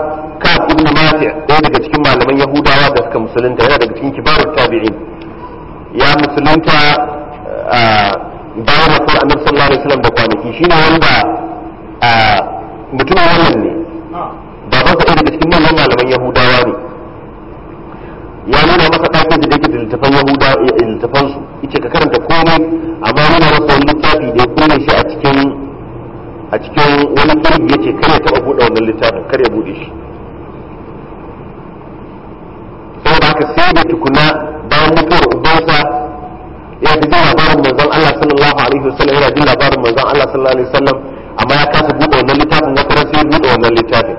Speaker 1: ɗaya daga cikin malaman yahudawa da suka musulunta yana da cikin kibarut tabi'in ya musulunta bayan mutum nan sallallahu alaihi wasallam da kwanaki shine wanda mutumin wannan ne baban sa daga cikin manyan malaman yahudawa ne ya nuna masa ɗakin da yake da littafan yahuda littafan su yace ka karanta komai amma nuna masa wani littafi da ya kone shi a cikin a cikin wani kirgi yace kar ya taɓa buɗe wannan littafin kar ya buɗe shi saboda haka sai da tukuna bayan mutuwar ubansa ya ji labarin manzon Allah sallallahu alaihi wasallam yana jin labarin manzon Allah sallallahu alaihi wasallam amma ya kasa buɗe wannan littafin na ran sai buɗe wannan littafin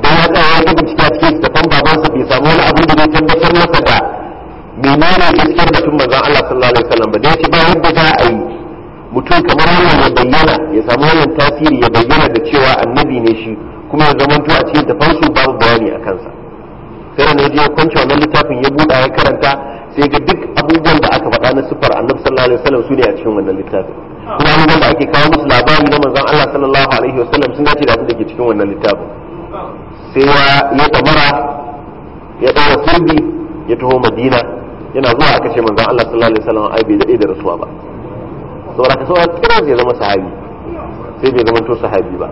Speaker 3: dan ya tsaya ya bincike
Speaker 1: a cikin baban sa bai samu wani abin da zai tabbatar masa da menene gaskiyar batun manzon Allah sallallahu alaihi wasallam ba da yake ba yadda za a yi mutum kamar wannan ya bayyana ya samu wannan tasiri ya bayyana da cewa annabi ne shi kuma ya zamanto a cikin tafarsu babu bayani a kansa sai ne ya kwance wannan littafin ya buɗa ya karanta sai ga duk abubuwan da aka faɗa na siffar annabi sallallahu alaihi wasallam ne a cikin wannan littafin kuma abubuwan da ake kawo musu labari na manzon Allah sallallahu alaihi wasallam sun dace da abin da ke cikin wannan littafin sai wa ya tamara ya dawo sirri ya taho Madina yana zuwa aka ce manzon Allah sallallahu alaihi wasallam ai bai dade da rasuwa ba saboda ka saboda kira zai zama sahabi sai bai zama to sahabi ba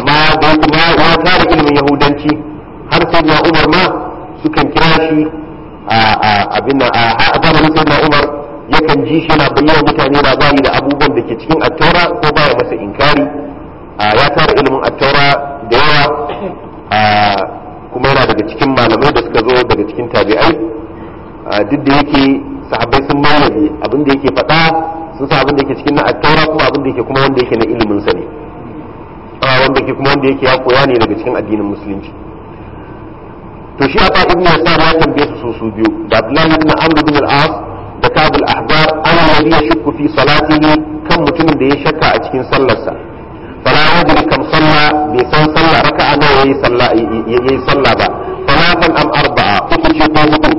Speaker 1: amma da kuma ya tare ilimin yahudanci har sai ya Umar ma sukan kira shi abin a zamanin sai na umar yakan ji shi na bayyana mutane na bayi da abubuwan da ke cikin attaura ko baya masa inkari ya tara ilimin attaura da yawa kuma yana daga cikin malamai da suka zo daga cikin tabi'ai duk da yake sahabbai sun mallaye abin da yake faɗa sun sa abin da yake cikin na attaura kuma abin da yake kuma wanda yake na ilimin sa ne wanda yake kuma wanda yake ya koya ne daga cikin addinin musulunci to shi afa ibn sa ya tambaye su su biyu da abdullahi ibn amr ibn al-as da kabil ahbar ana wani ya shukku fi salatihi kan mutumin da ya shakka a cikin sallarsa fala yadri kam sallah bai san sallah raka'a nawa yayi sallah yayi sallah ba salatan am arba'a kuka ce ko hudu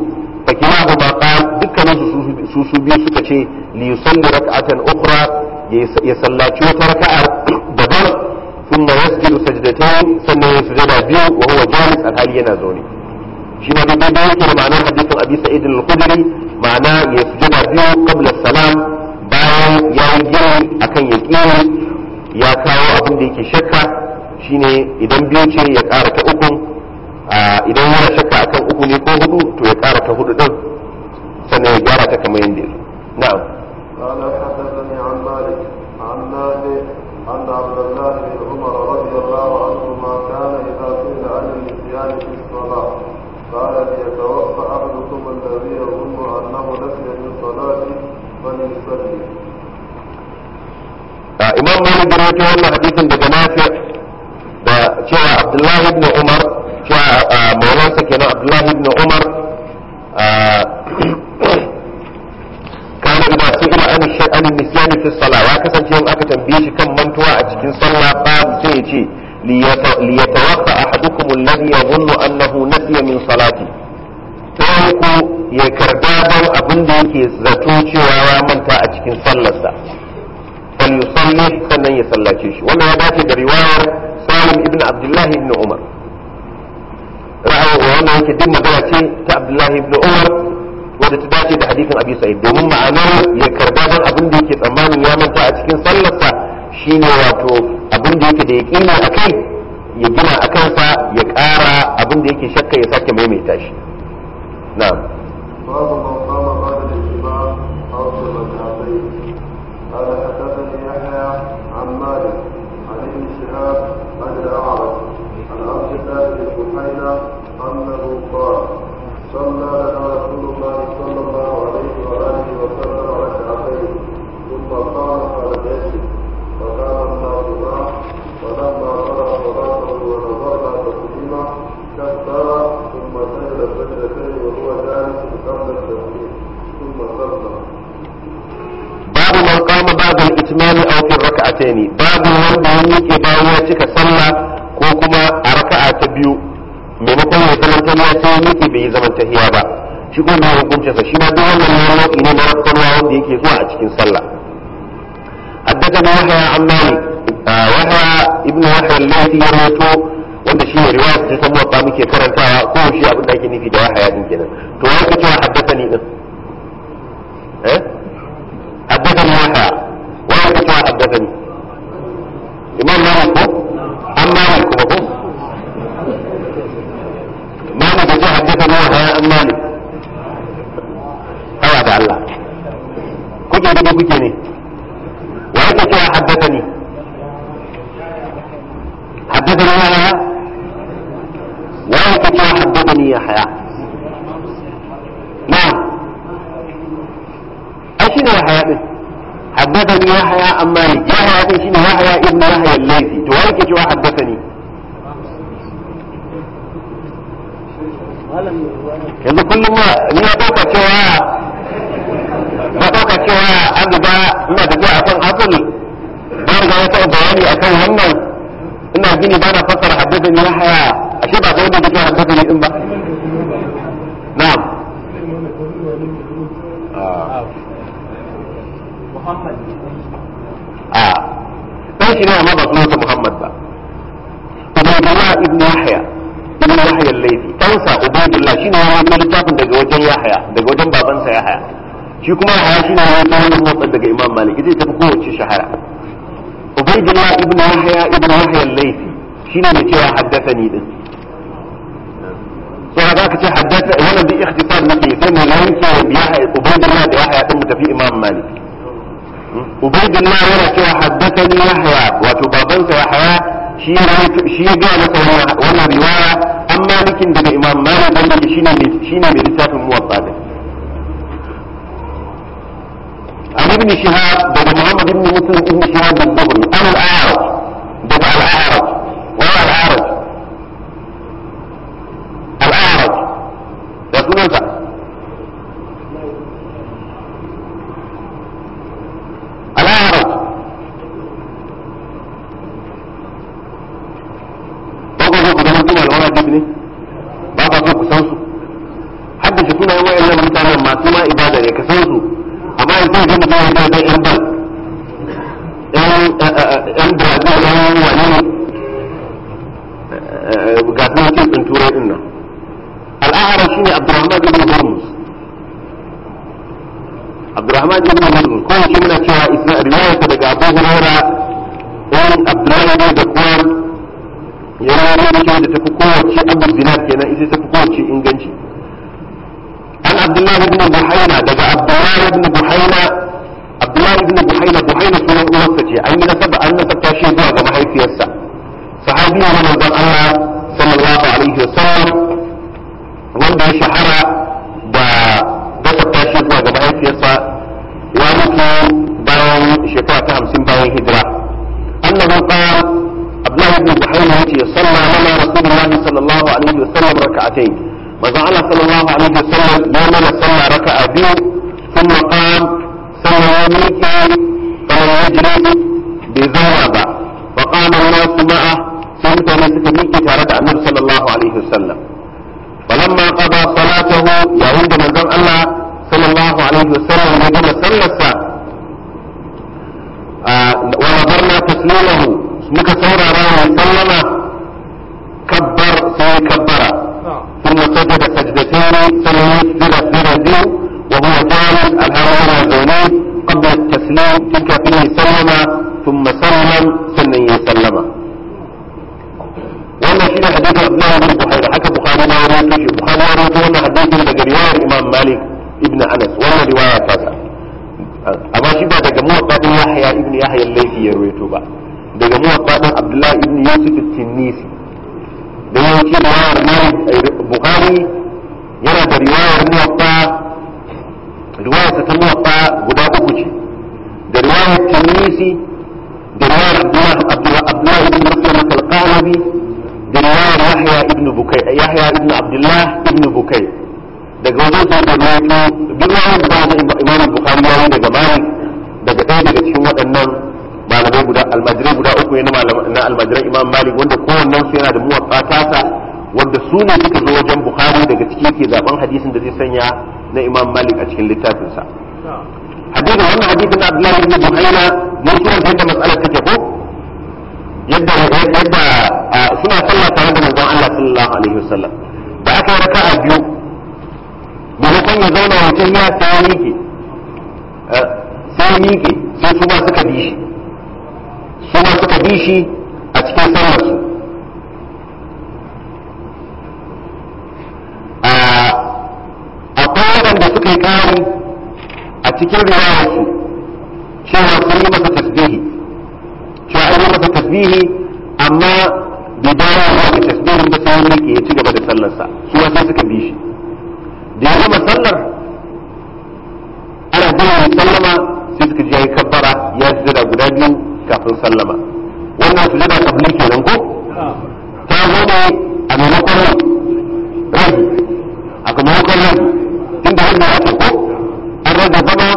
Speaker 1: fa kilahu ba qal dukkanin su su biyu suka ce li yusalli raka'atan ukhra ya sallaci wata raka'a daban ثم يسجد سجدتين ثم يسجد بيو وهو جالس الحال ينا shi ma dai dai yake da ma'anar hadisin abi sa'id al-khudri ma'ana ya sujuda biyu qabla salam bayan ya yi gini akan yaqini ya kawo abin da yake shakka shine idan biyu ce ya ƙara ta uku idan yana shakka akan uku ne ko hudu to ya ƙara ta hudu din sannan ya gyara ta kamar yadda yake na'am
Speaker 2: قال حدثني عن مالك عن نافع عن عبد الله بن عمر رضي
Speaker 1: imam malik gari ta wannan hadisin daga nafi da cewa abdullahi ibn umar cewa ah, maulansa kenan abdullahi ibn umar ah, kana idan ina an an nisyani fi ya kasance in aka tambaye shi kan mantuwa a cikin sallah ba sai ya ce liyatawaffa ahadukum alladhi yadhunnu annahu nasiya min salati ku ya karba don abin da yake zato cewa ya manta a cikin sallarsa an sannan ya sallace shi wannan ya dace da riwayar salim ibn abdullahi ibn umar ra'ayi wannan yake duk magana ce ta abdullahi ibn umar wadda ta dace da hadisin abi sa'id domin ma'anar ya karba dan abin da yake tsammanin ya manta a cikin sallarsa shine wato abin da yake da yaqini akai ya gina a kansa ya ƙara abin da yake shakka ya sake maimaita shi na'am
Speaker 2: babu man qama ba'da al-jibaa aw sabata qala مالك عن ابن شهاب عن الاعرج عن عبد الله بن بحيرة انه قال صلى لنا رسول الله صلى الله عليه واله وسلم ركعتين ثم قام على يده فقام الله معه فلما قرا صلاته ونظرنا تسليما كبر ثم سجد سجدتين وهو جالس قبل التسليم ثم صلى
Speaker 1: باب من قام بعد الاتمام او في الركعتين wanda yake miƙe bayan ya cika sallah ko kuma a raka'a ta biyu maimakon ya zaman ta ya ce yake bai yi zaman tahiya ba shi kuma na sa shi ma duk wannan ya nau'i ne na rafkarwa wanda yake zuwa a cikin sallah na يحيى عن مالك ibn ابن lati ya يروي wanda shi ne riwaya ta san ba muke karantawa ko shi abin da ake nufi da wahaya din kenan to ya kace haddathani din imam malik ko an malik kuma ko malik ya haddasa na wa an malik awa da Allah kuke da kuke ne وجه واحد haya daga wajen babansa ya haya shi kuma haya shi shine ya ta wannan motsar daga imam malik ita fi kowace shahara ubaidullah ibn haya ibn haya laifi shi ne mai cewa ni din sai da ka ce haddatha wannan da ikhtisar nake sai mu yanke yahya ubaidullah da haya din tafi imam malik ubaidullah yana cewa haddathani yahya wato babansa yahya shi ya ga masa wannan riwaya an malikin daga imam malik wanda ke shine mai shine mai littafin muwatta da an ibn shihab daga muhammad ibn muslim ibn shihab
Speaker 3: al-bukhari an al-a'raj daga al-a'raj
Speaker 1: an nasabta shi zuwa ga mahaifiyarsa sahabi ne manzon Allah sallallahu alaihi wasallam wanda ya shahara da nasabta shi zuwa ga mahaifiyarsa ya mutu bayan shekara ta hamsin bayan hijira annahu qala abdullahi ibn zuhayr yace salla lana rasulullahi sallallahu alaihi wasallam raka'atayn manzon Allah sallallahu alaihi wasallam ya mana salla raka'a biyu ثم قام ثم يملك ثم يجري bai zauna ba wa qala nasu ma'a sai mutane suka miƙe tare da annabi sallallahu alaihi wasallam falamma qada salatahu yayin da manzon Allah sallallahu alaihi wasallam ya gama sallarsa wa nadarna taslimahu muka saurara wa sallama kabbar sai kabbara ثم سجد سجدتين ثم يسجد سجدتين وهو جالس الهوى والذنوب قبل التسليم تلك فيه سلم ثم سلم سنة يسلم وانا شيء حديث ابن عبد البحيرة حكى بخاري ما يريده بخاري ما يريده وانا حديث ابن قريبا امام مالك ابن انس وانا رواية كذا اما شيء بعد جموع قادم يحيى ابن يحيى الليك يرويته بقى ده جموع قادم عبد الله ابن يوسف التنيسي ده يوسف التنيسي بخاري yana da riwayar muwatta riwayar ta muwatta guda uku ce da riwayar tunisi دمار أبناء بن مسلمة القالبي دمار يحيى ابن بكي يحيى ابن عبد الله ابن بكي daga wajen sai da mai duk wani da da imam bukhari ya yi daga malik daga ɗaya daga cikin waɗannan malamai guda almajirai guda uku ne na almajirai imam malik wanda kowannen su yana da muwaffa tasa wanda su ne suka zo wajen bukhari daga cikin ke zaben hadisin da zai sanya na imam malik a cikin littafinsa hadisi wannan hadisin Abdullahi ibn Buhayna mun kira yadda mas'alar take ko yadda yadda suna sallah tare da suka bi
Speaker 3: shi cikin akwai
Speaker 1: waɗanda suka yi a cikin riwayarsu cewa sun yi masa tasbihi cewa an yi masa tasbihi amma bai dawo da tasbihi da sai yake ya ci gaba da sallarsa su wasu suka bi shi da ya gama sallar ana mai sallama sai suka ji ya yi kabbara ya sujada guda biyu kafin sallama wannan sujada kabli kenan ko ta zo ne a maimakon rai a kuma maimakon rai tunda wannan ঘটনা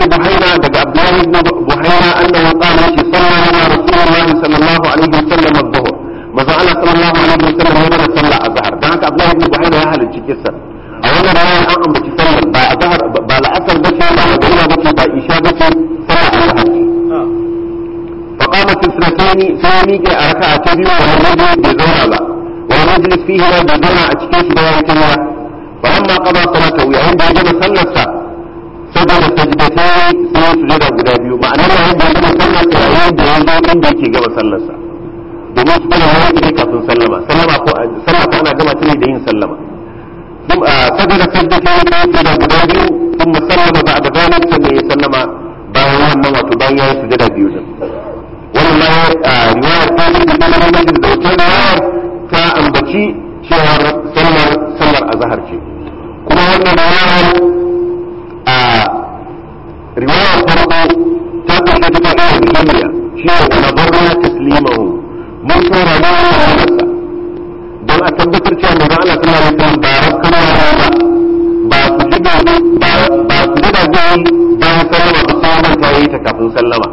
Speaker 1: بن بحيرة دقى عبد الله بن بحيرة أنه قال في صلى على رسول الله صلى الله عليه وسلم الظهر ما زعل صلى الله عليه وسلم يمر صلى الظهر كانت عبد الله بن بحيرة أهل الجكسة أولا رأي أعم بتصلى بعد ظهر بعد العصر بكي بعد مدينة بكي با إشاء بكي صلى الظهر فقامت اثنتين ثاني كأركع تبي ورمجي بزوعة ونجلس فيه لا بزوعة أتكيش بيان فلما قضى صلاته يعني بعد ما صلى wanda yake gaba sallarsa domin su fara wani ne kafin sallama sallama ko sallama ko ana gama ne da yin sallama dum a saboda sabbata ne da guda biyu kuma sallama ba a da bayan sannan ya sallama bayan wannan wato bayan ya yi gada biyu din wannan ma riwayar ta yi da malamin da ta riwayar ta ambaci cewa sallar sallar azhar ce kuma wannan riwayar a riwayar farko ta kasance ta kan jami'a shi ne unabarna taslimahu mun tura ne rayuwarsa don a tabbatar cewa mai Allah suna da wasallam ba rakkar rayuwa ba su jida ba ba su da zai bayan sallama ba sai ta yi ta kafin sallama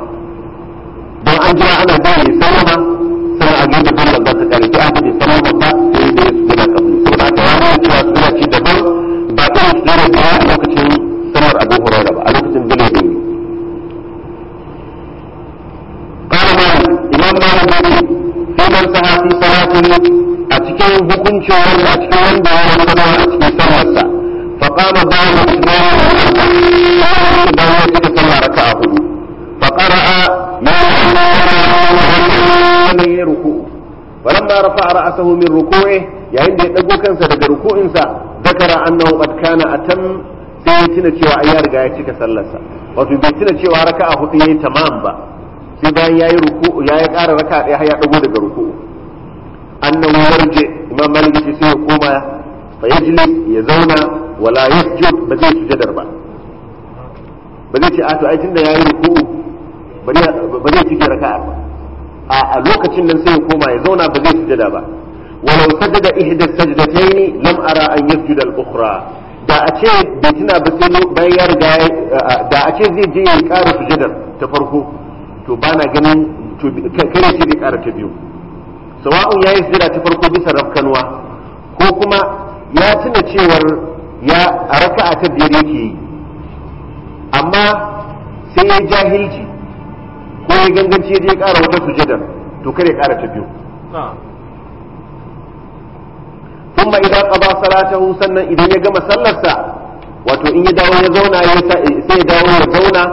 Speaker 1: don an jira ana da yi sallama sai a ga da Allah za ta kare ta aka sallama ba sai da su jira kafin saboda ta yana cewa suna ci daban ba ta yi da ba a lokacin sallar Abu Hurairah ba a lokacin bilal ta'ala fi a cikin
Speaker 3: hukuncin wanda a cikin wanda ya yi a cikin sallarsa fa qama ba'da
Speaker 1: isma'il da ya cika sallar a hudu fa qara'a ma ya ruku falamma rafa'a ra'sahu min ruku'i yayin da ya dago kansa daga ruku'insa zakara annahu qad kana atam sai ya tuna cewa ya riga ya cika sallarsa wato bai tuna cewa raka'a hudu yayi tamam ba sai bayan yayi ruku'u yayi ƙara raka'a ɗaya har ya dago daga ruku'u annan yarji imam malik ce sai ya koma fa yajlis ya zauna wala yasjud ba zai sujadar ba ba zai ce a to ai tunda yayi ruku'u ba zai cike raka'a ba a lokacin nan sai ya koma ya zauna ba zai sujada ba walau sajada ihda sajdatayn lam ara an yasjuda al-ukhra da a ce bai tuna ba sai bayan ya riga da a ce zai je ya ƙara sujadar ta farko to ba na ganin kare ce bai ƙara ta biyu sawa'un ya yi sujada ta farko bisa rafkanuwa ko kuma ya tuna cewar ya a raka a ta biyar yake yi amma sai ya jahilci ko ya ganganci ya je ƙara wata sujada to kare kara ta biyu ثم إذا قضى صلاته sannan idan ya gama sallarsa wato in ya dawo ya zauna sai ya dawo ya zauna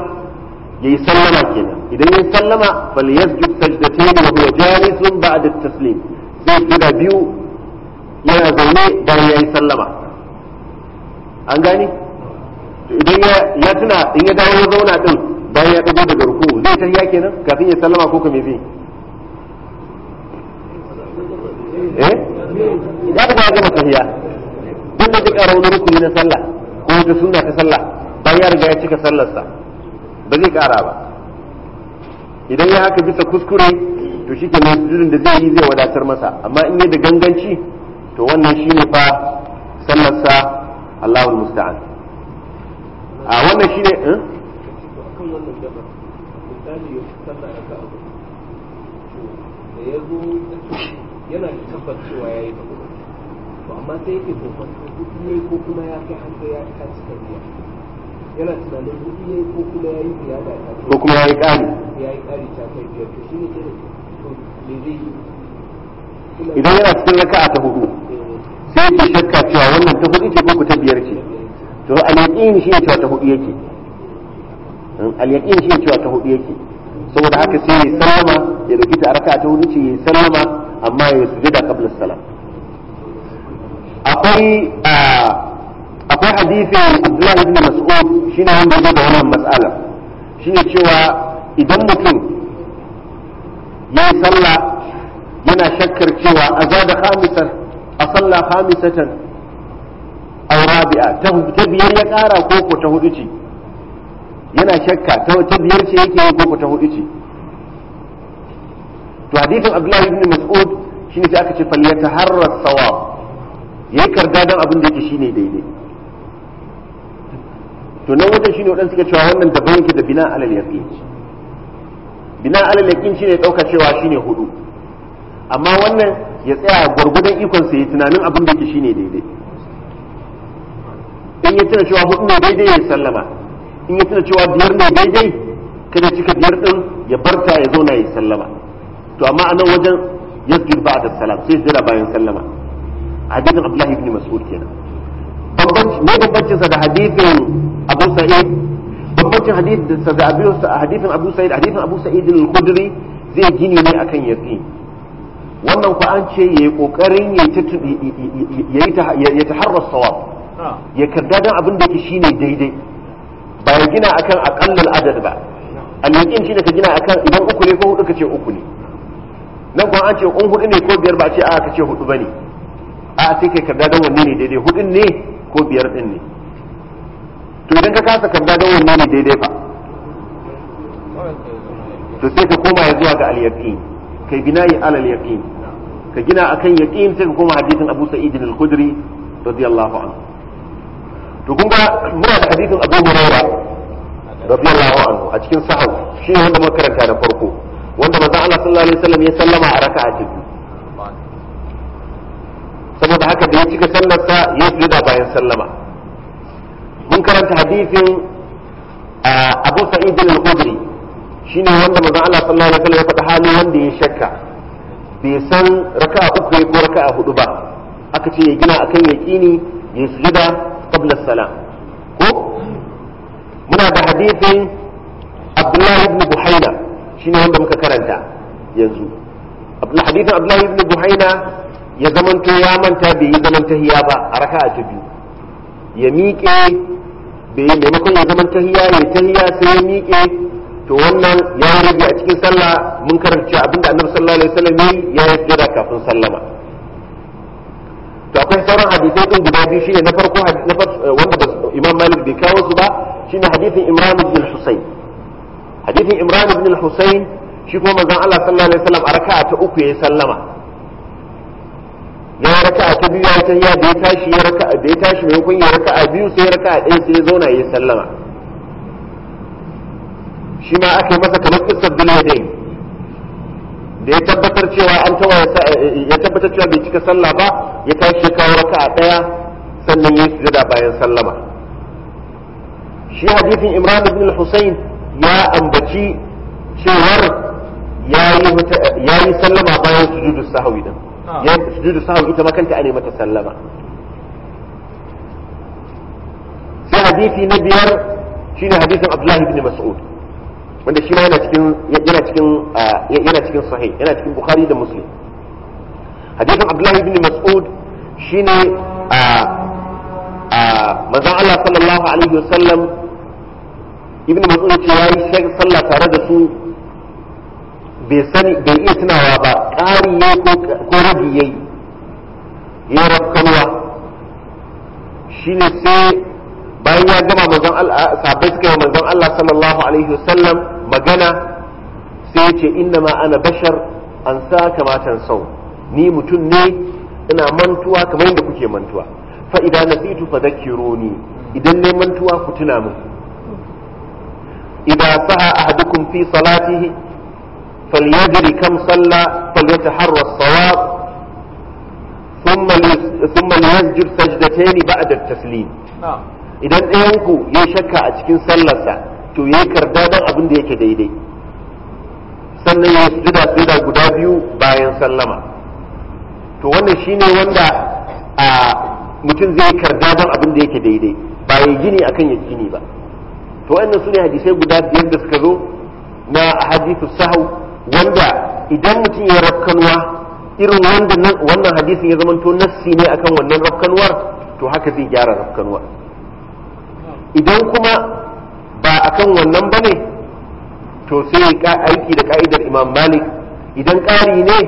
Speaker 1: yayi sallama kenan idan yayi sallama yasjud sajdatayn wa huwa jalisun ba'da at-taslim sai gida biyu yana zaune bayan yayi sallama an gani to idan ya tuna in ya dawo ya zauna din bayan ya dago daga ruku zai tarya kenan kafin ya sallama ko kuma zai eh ya ga gama tahiya duk da duk a raunin rukuni na sallah ko ta sunna ta sallah bayan ya riga ya cika sallarsa ba zai kara ba idan ya haka bisa kuskure to shi kenan sujudin da zai yi zai wadatar masa amma in yi da ganganci to wannan shi ne fa sallarsa Allahu musta'an
Speaker 2: a wannan shi ne eh? kan wannan gabar misali sallar aka abu da ya zo yana da tabbar cewa ya yi ba to
Speaker 1: amma sai yake kokon ko kuma ya kai har sai ya cika biya
Speaker 2: yana tunanin kuɗi ne ko kuma ya yi fiya da ko kuma ya yi ƙari ya yi ƙari ta kai biyar to shi ne irin to me zai yi idan yana cikin a ta hudu
Speaker 1: sai ke shakka cewa wannan ta hudu ce ko ta biyar ce to al-yaqin shi ne cewa ta hudu yake hmm? al-yaqin shi ne cewa ta hudu yake saboda haka sai ya sallama ya dauki ta raka'a ta hudu ce ya sallama amma ya sujada qabla salam akwai ah, ko hadisin abdullahi ibn mas'ud shine wanda yake da wannan mas'ala shine cewa idan mutum ya salla sallah yana shakkar cewa azada khamisar a salla khamisatan aw rabi'a ta biyar ya kara ko ko ta hudu ce yana shakka ta biyar ce yake yi ko ko ta hudu ce to hadisin abdullahi ibn mas'ud shine sai aka ce falyataharra sawab yayi karda dan abin da yake shine daidai to nan wajen shine waɗansu suka cewa wannan daban yake da bina alal yaqin bina alal yaqin shine ɗauka cewa shine hudu amma wannan ya tsaya gwargwadon ikon sa yi tunanin abin da yake shine daidai in ya tuna cewa hudu ne daidai ya sallama in ya tuna cewa biyar ne daidai kada cika biyar din ya barta ya zauna ya sallama to amma a nan wajen yasjud ba'da salam sai jira bayan sallama hadisin abdullahi ibn mas'ud kenan me da hadithin Abu Sa'id bambancin da hadithin Abu Sa'id hadithin Abu Sa'id al-Khudri zai gini ne akan wannan ku an ce yayi kokarin yayi ya taharra sawab ah. ya karda dan abin da yake shine daidai ba ya gina akan aqallal adad ba al-yaqin shine ka gina akan idan uku ne ko hudu kace uku ne nan kuma an ce in hudu ne ko biyar ba a ce a ka ce hudu bane a sai kai karda dan wanne ne daidai hudun ne ko biyar din ne to idan ka kasa karda don wannan ne daidai fa to sai ka koma ya zuwa ga al-yaqin kai binayi ala al-yaqin ka gina akan yaqin sai ka koma hadisin Abu Sa'id al-Khudri radiyallahu anhu to kun ga muna da hadisin Abu Hurairah radiyallahu anhu a cikin sahih shi wanda muka karanta da farko wanda manzo Allah sallallahu alaihi wasallam ya sallama a raka'a ta biyu saboda haka da ya cika sallarsa ya yi da bayan sallama mun karanta hadisin abu sa'id al-khudri shine wanda manzon Allah sallallahu alaihi wasallam ya faɗa hali wanda ya shakka bai san raka'a uku ko raka'a hudu ba aka ce ya gina akan yaqini ya sujuda qabla salam ko muna da hadisin Abdullah ibn Buhaina shine wanda muka karanta yanzu hadisin Abdullah ibn Buhaina ya zamanto ya manta bai yi zaman tahiya ba a raka'a ta biyu ya miƙe bai yi maimakon ya zaman tahiya ya tahiya sai ya miƙe to wannan ya rage a cikin sallah mun karanta abinda annabi sallallahu alaihi wasallam ya yi jira kafin sallama to akwai sauran hadisai din guda biyu shine na farko wanda Imam Malik bai kawo su ba shine hadisin Imran ibn Husayn hadisin Imran ibn Husayn shi kuma manzon Allah sallallahu alaihi wasallam a raka'a ta uku ya sallama ya raka'a ta biyu ya tayya da ya tashi ya raka'a da ya tashi hukun ya raka'a biyu sai raka'a ɗaya sai ya zauna ya sallama shi ma aka yi masa kamar kissar dai da ya tabbatar cewa an tawa ya tabbatar cewa bai cika sallah ba ya tashi ya kawo raka'a ɗaya sannan ya sujada bayan sallama shi hadithin imran ibn al-husayn ya ambaci cewar ya yi sallama bayan sujudu sahawi din ya sujudu sahwi ita ma kanta ane mata sallama sai hadisi na biyar shine hadisin Abdullahi ibn Mas'ud wanda shi ma yana cikin yana cikin yana cikin sahih yana cikin Bukhari da Muslim hadisin Abdullahi ibn Mas'ud shine manzon Allah sallallahu alaihi wasallam ibn Mas'ud ce yayi sallah tare da su bai sani bai iya tunawa ba ƙari ya ko ragi ya yi ya shi ne sai bayan ya gama manzon Allah sabai suka yi manzon Allah sallallahu alaihi wasallam magana sai ce inna ma ana bashar an sa kamatan sau ni mutum ne ina mantuwa kamar yadda kuke mantuwa fa idan nasitu fadhakkiruni idan ne mantuwa ku tuna min idan saha ahadukum fi salatihi فليدري كم صلى فليتحرى الصواب ثم ثم ليسجد سجدتين بعد التسليم idan ɗayanku ya shakka a cikin sallarsa to ya karda don abin da yake daidai sannan ya sujuda sujuda guda biyu bayan sallama to wannan shine wanda a mutum zai karda don abin da yake daidai ba ya gini akan ya gini ba to wannan su ne hadisai guda biyar da suka zo na hadithu sahau wanda idan mutum ya rafkanuwa irin wanda wannan hadisin ya zamanto nassi ne akan wannan rafkanuwar to haka zai gyara rafkanuwar idan kuma ba akan wannan bane to sai ka aiki da ka'idar imam malik idan ƙari ne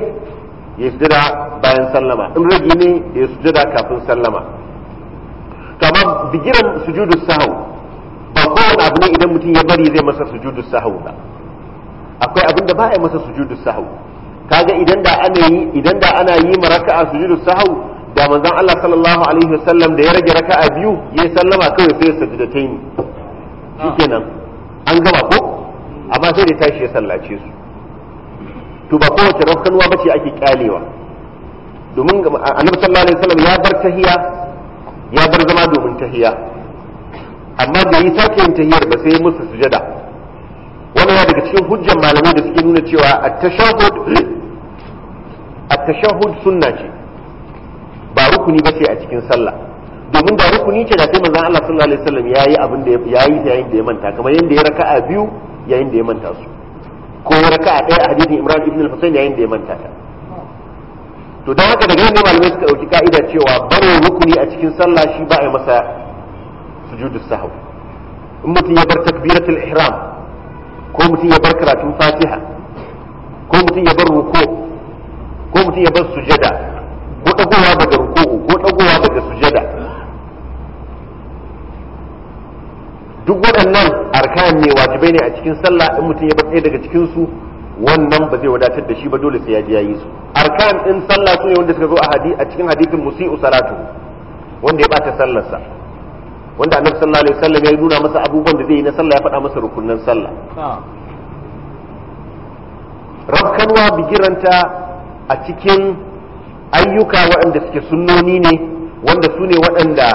Speaker 1: ya sujada bayan sallama in rage ne ya sujada kafin sallama kama bigiran sujudu sahau ba kowane abu ne idan mutum ya bari zai masa sujudu sahau ba akwai abin da ba a masa sujudu sahu kaga idan da ana yi idan da ana yi ma a sujudu sahu da manzon Allah sallallahu alaihi wasallam da ya rage raka'a biyu ya sallama kawai sai sajudataini shikenan an gama ko amma sai da tashi ya sallace su to ba kowace rafkanuwa bace ake kyalewa domin annabi sallallahu alaihi wasallam ya bar tahiya ya bar zama domin tahiya amma da yi sake yin tahiyar ba sai musu sujada wannan daga cikin hujjan malamai da suke nuna cewa a tashahhud at sunna ce ba rukuni ba ce a cikin sallah domin da rukuni ce da sai manzon Allah sallallahu alaihi wasallam yayi abin da yayi ta yayin da ya manta kamar yanda ya raka'a biyu yayin da ya manta su ko raka'a ɗaya a hadisin Imran ibn al-Husayn yayin da ya manta ta to don haka daga yadda malamai suka ɗauki ka'ida cewa barin rukuni a cikin sallah shi ba a yi masa sujudu sahau in mutum ya bar takbiratul ihram ko mutum ya bar karatun fatiha ko mutum ya bar ruko ko mutum ya bar sujada ko dagowa daga ruko ko dagowa daga sujada duk waɗannan arkan ne wajibai ne a cikin sallah in mutum ya bar ɗaya daga cikin su wannan ba zai wadatar da shi ba dole sai ya ji yayi su arkan ɗin sallah su ne wanda suka zo a cikin hadisin musi'u salatu wanda ya bata sallarsa wanda annabi sallallahu alaihi wasallam ya nuna masa abubuwan da zai yi na sallah ya faɗa masa rukunin sallah rafkanwa bigiranta a cikin ayyuka waɗanda suke sunnoni ne wanda su ne waɗanda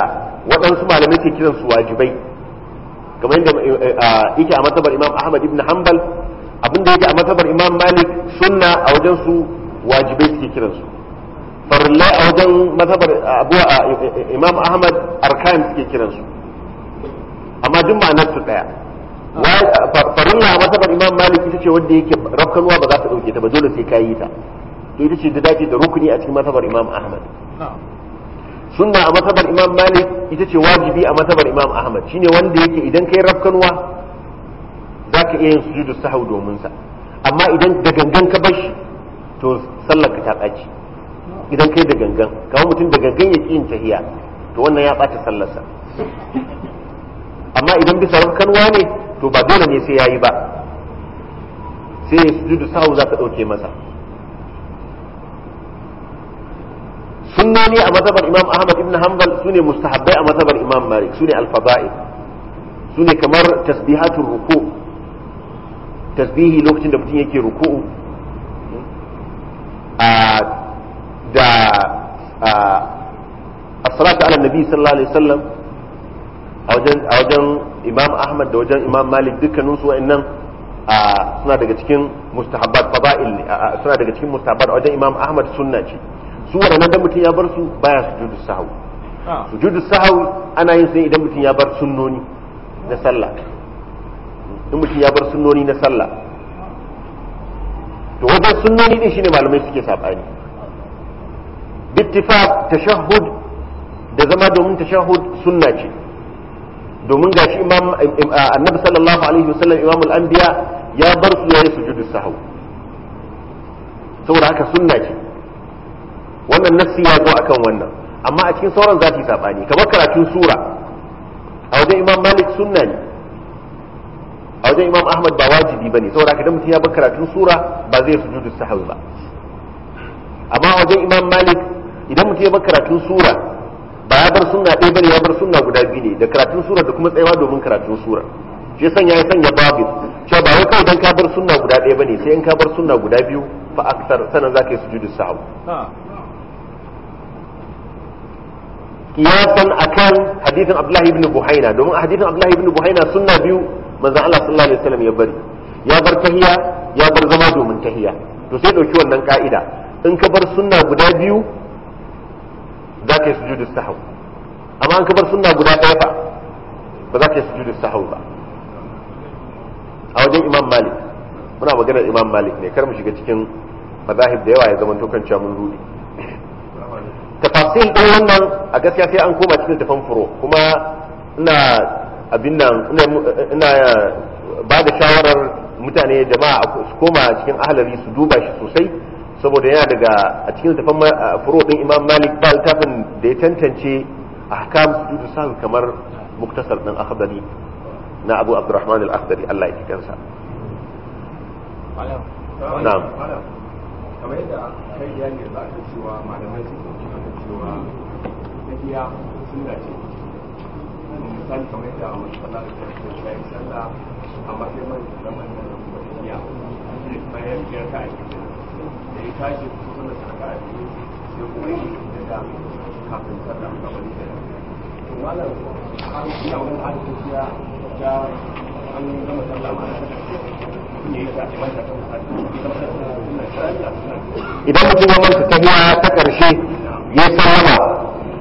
Speaker 1: waɗansu malamai ke kiran su wajibai kamar yadda eh, eh, yake a matabar imam ahmad ibn hanbal abinda yake a matabar imam malik sunna a wajen su wajibai suke kiransu farillai a wajen matabar abu eh, imam ahmad arkan suke kiransu amma duk ma'anar su daya farilla a masabar imam malik ita ce wanda yake rafkanuwa ba za ta dauke ta ba dole sai ka yi ta to ita ce da dace da rukuni a cikin masabar imam ahmad sunna a masabar imam malik ita ce wajibi a masabar imam ahmad shine wanda yake idan kai rafkanuwa za ka iya yin sujudu sahau domin sa amma idan da gangan ka bar shi to sallar ka ta ɓaci idan kai da gangan kamar mutum da gangan ya ƙi yin tahiya to wannan ya ɓata sallarsa amma idan bisa rafkanuwa ne to ba dole ne sai yayi ba sai ya sujudu sahu za ka ɗauke masa sunnoni a mazhabar imam ahmad ibn hanbal sune mustahabbai a mazhabar imam malik sune su sune kamar tasbihatul ruku tasbihi lokacin da mutum yake ruku'u da a salatu ala nabi sallallahu alaihi wasallam a wajen imam ahmad da wajen imam malik dukkaninsu wa'annan suna daga cikin mustahabbat fada'il suna daga cikin mustahabbat a wajen imam ahmad sunna ce su wannan da mutum ya bar su baya sujudu sahwi ah. sujudu sahwi ana yin sai idan mutum ya bar sunnoni na sallah in mutum ya bar sunnoni na sallah to wajen sunnoni din shine malamai suke sabani bittifaq tashahhud da zama domin tashahhud sunna ce domin gashi imam eh, annabi sallallahu alaihi wasallam al anbiya ya bar su yayin sujudu sahwi saboda haka sunna ce wannan nassi ya zo akan wannan amma a cikin sauran zafi sabani kamar karatun sura a wajen imam malik sunna ne a wajen imam ahmad ba wajibi bane saboda haka idan mutum ya bar karatun sura ba zai sujudu sahwi ba amma a wajen imam malik idan mutum ya bar karatun sura ba ya bar sunna ɗaya bane ya bar sunna guda biyu ne da karatun sura da kuma tsayawa domin karatun sura shi sanya ya sanya babu cewa ba wai kai dan ka bar sunna guda ɗaya bane sai in ka bar sunna guda biyu fa aksar sanan zaka yi sujudu sahwi kiyasan akan hadithin Abdullahi ibn Buhaina domin hadithin Abdullahi ibn Buhaina sunna biyu manzo Allah sallallahu alaihi wasallam ya bari ya bar tahiyya ya bar zama domin tahiyya to sai dauki wannan ka'ida in ka bar sunna guda biyu za ka yi sujudu sahau amma an kabar sunna guda ɗaya ba ba za ka yi sujudu sahau ba a wajen imam malik muna maganar imam malik ne kar mu shiga cikin mazahib da yawa ya zama tokan cewa mun rudi tafasil ɗin wannan a gaskiya sai an koma cikin tafan furo kuma ina abin nan ina ba da shawarar mutane jama'a su koma cikin ahalari su duba shi sosai saboda yana daga a cikin tafan furo din imam malik ba littafin da ya tantance a ahkam sujudu sahwi kamar muktasar din akhdari na abu abdurrahman al-akhdari Allah ya kansa
Speaker 2: na'am kamar yadda kai ya ne za ka cewa malamai sun ɗauki a cewa na iya sun dace misali kamar yadda a wasu sallah da ta yi sallah a matsayin mai zaman da iya ya biyar ta aiki da ya tashi su suna sarka a cikin sai kuma yi da daga kafin sarka a gaba da ya to malam har ina wani hadin ya ta an gama sallah ma ne idan mutum ya manta ta hiya ta karshe ya sallama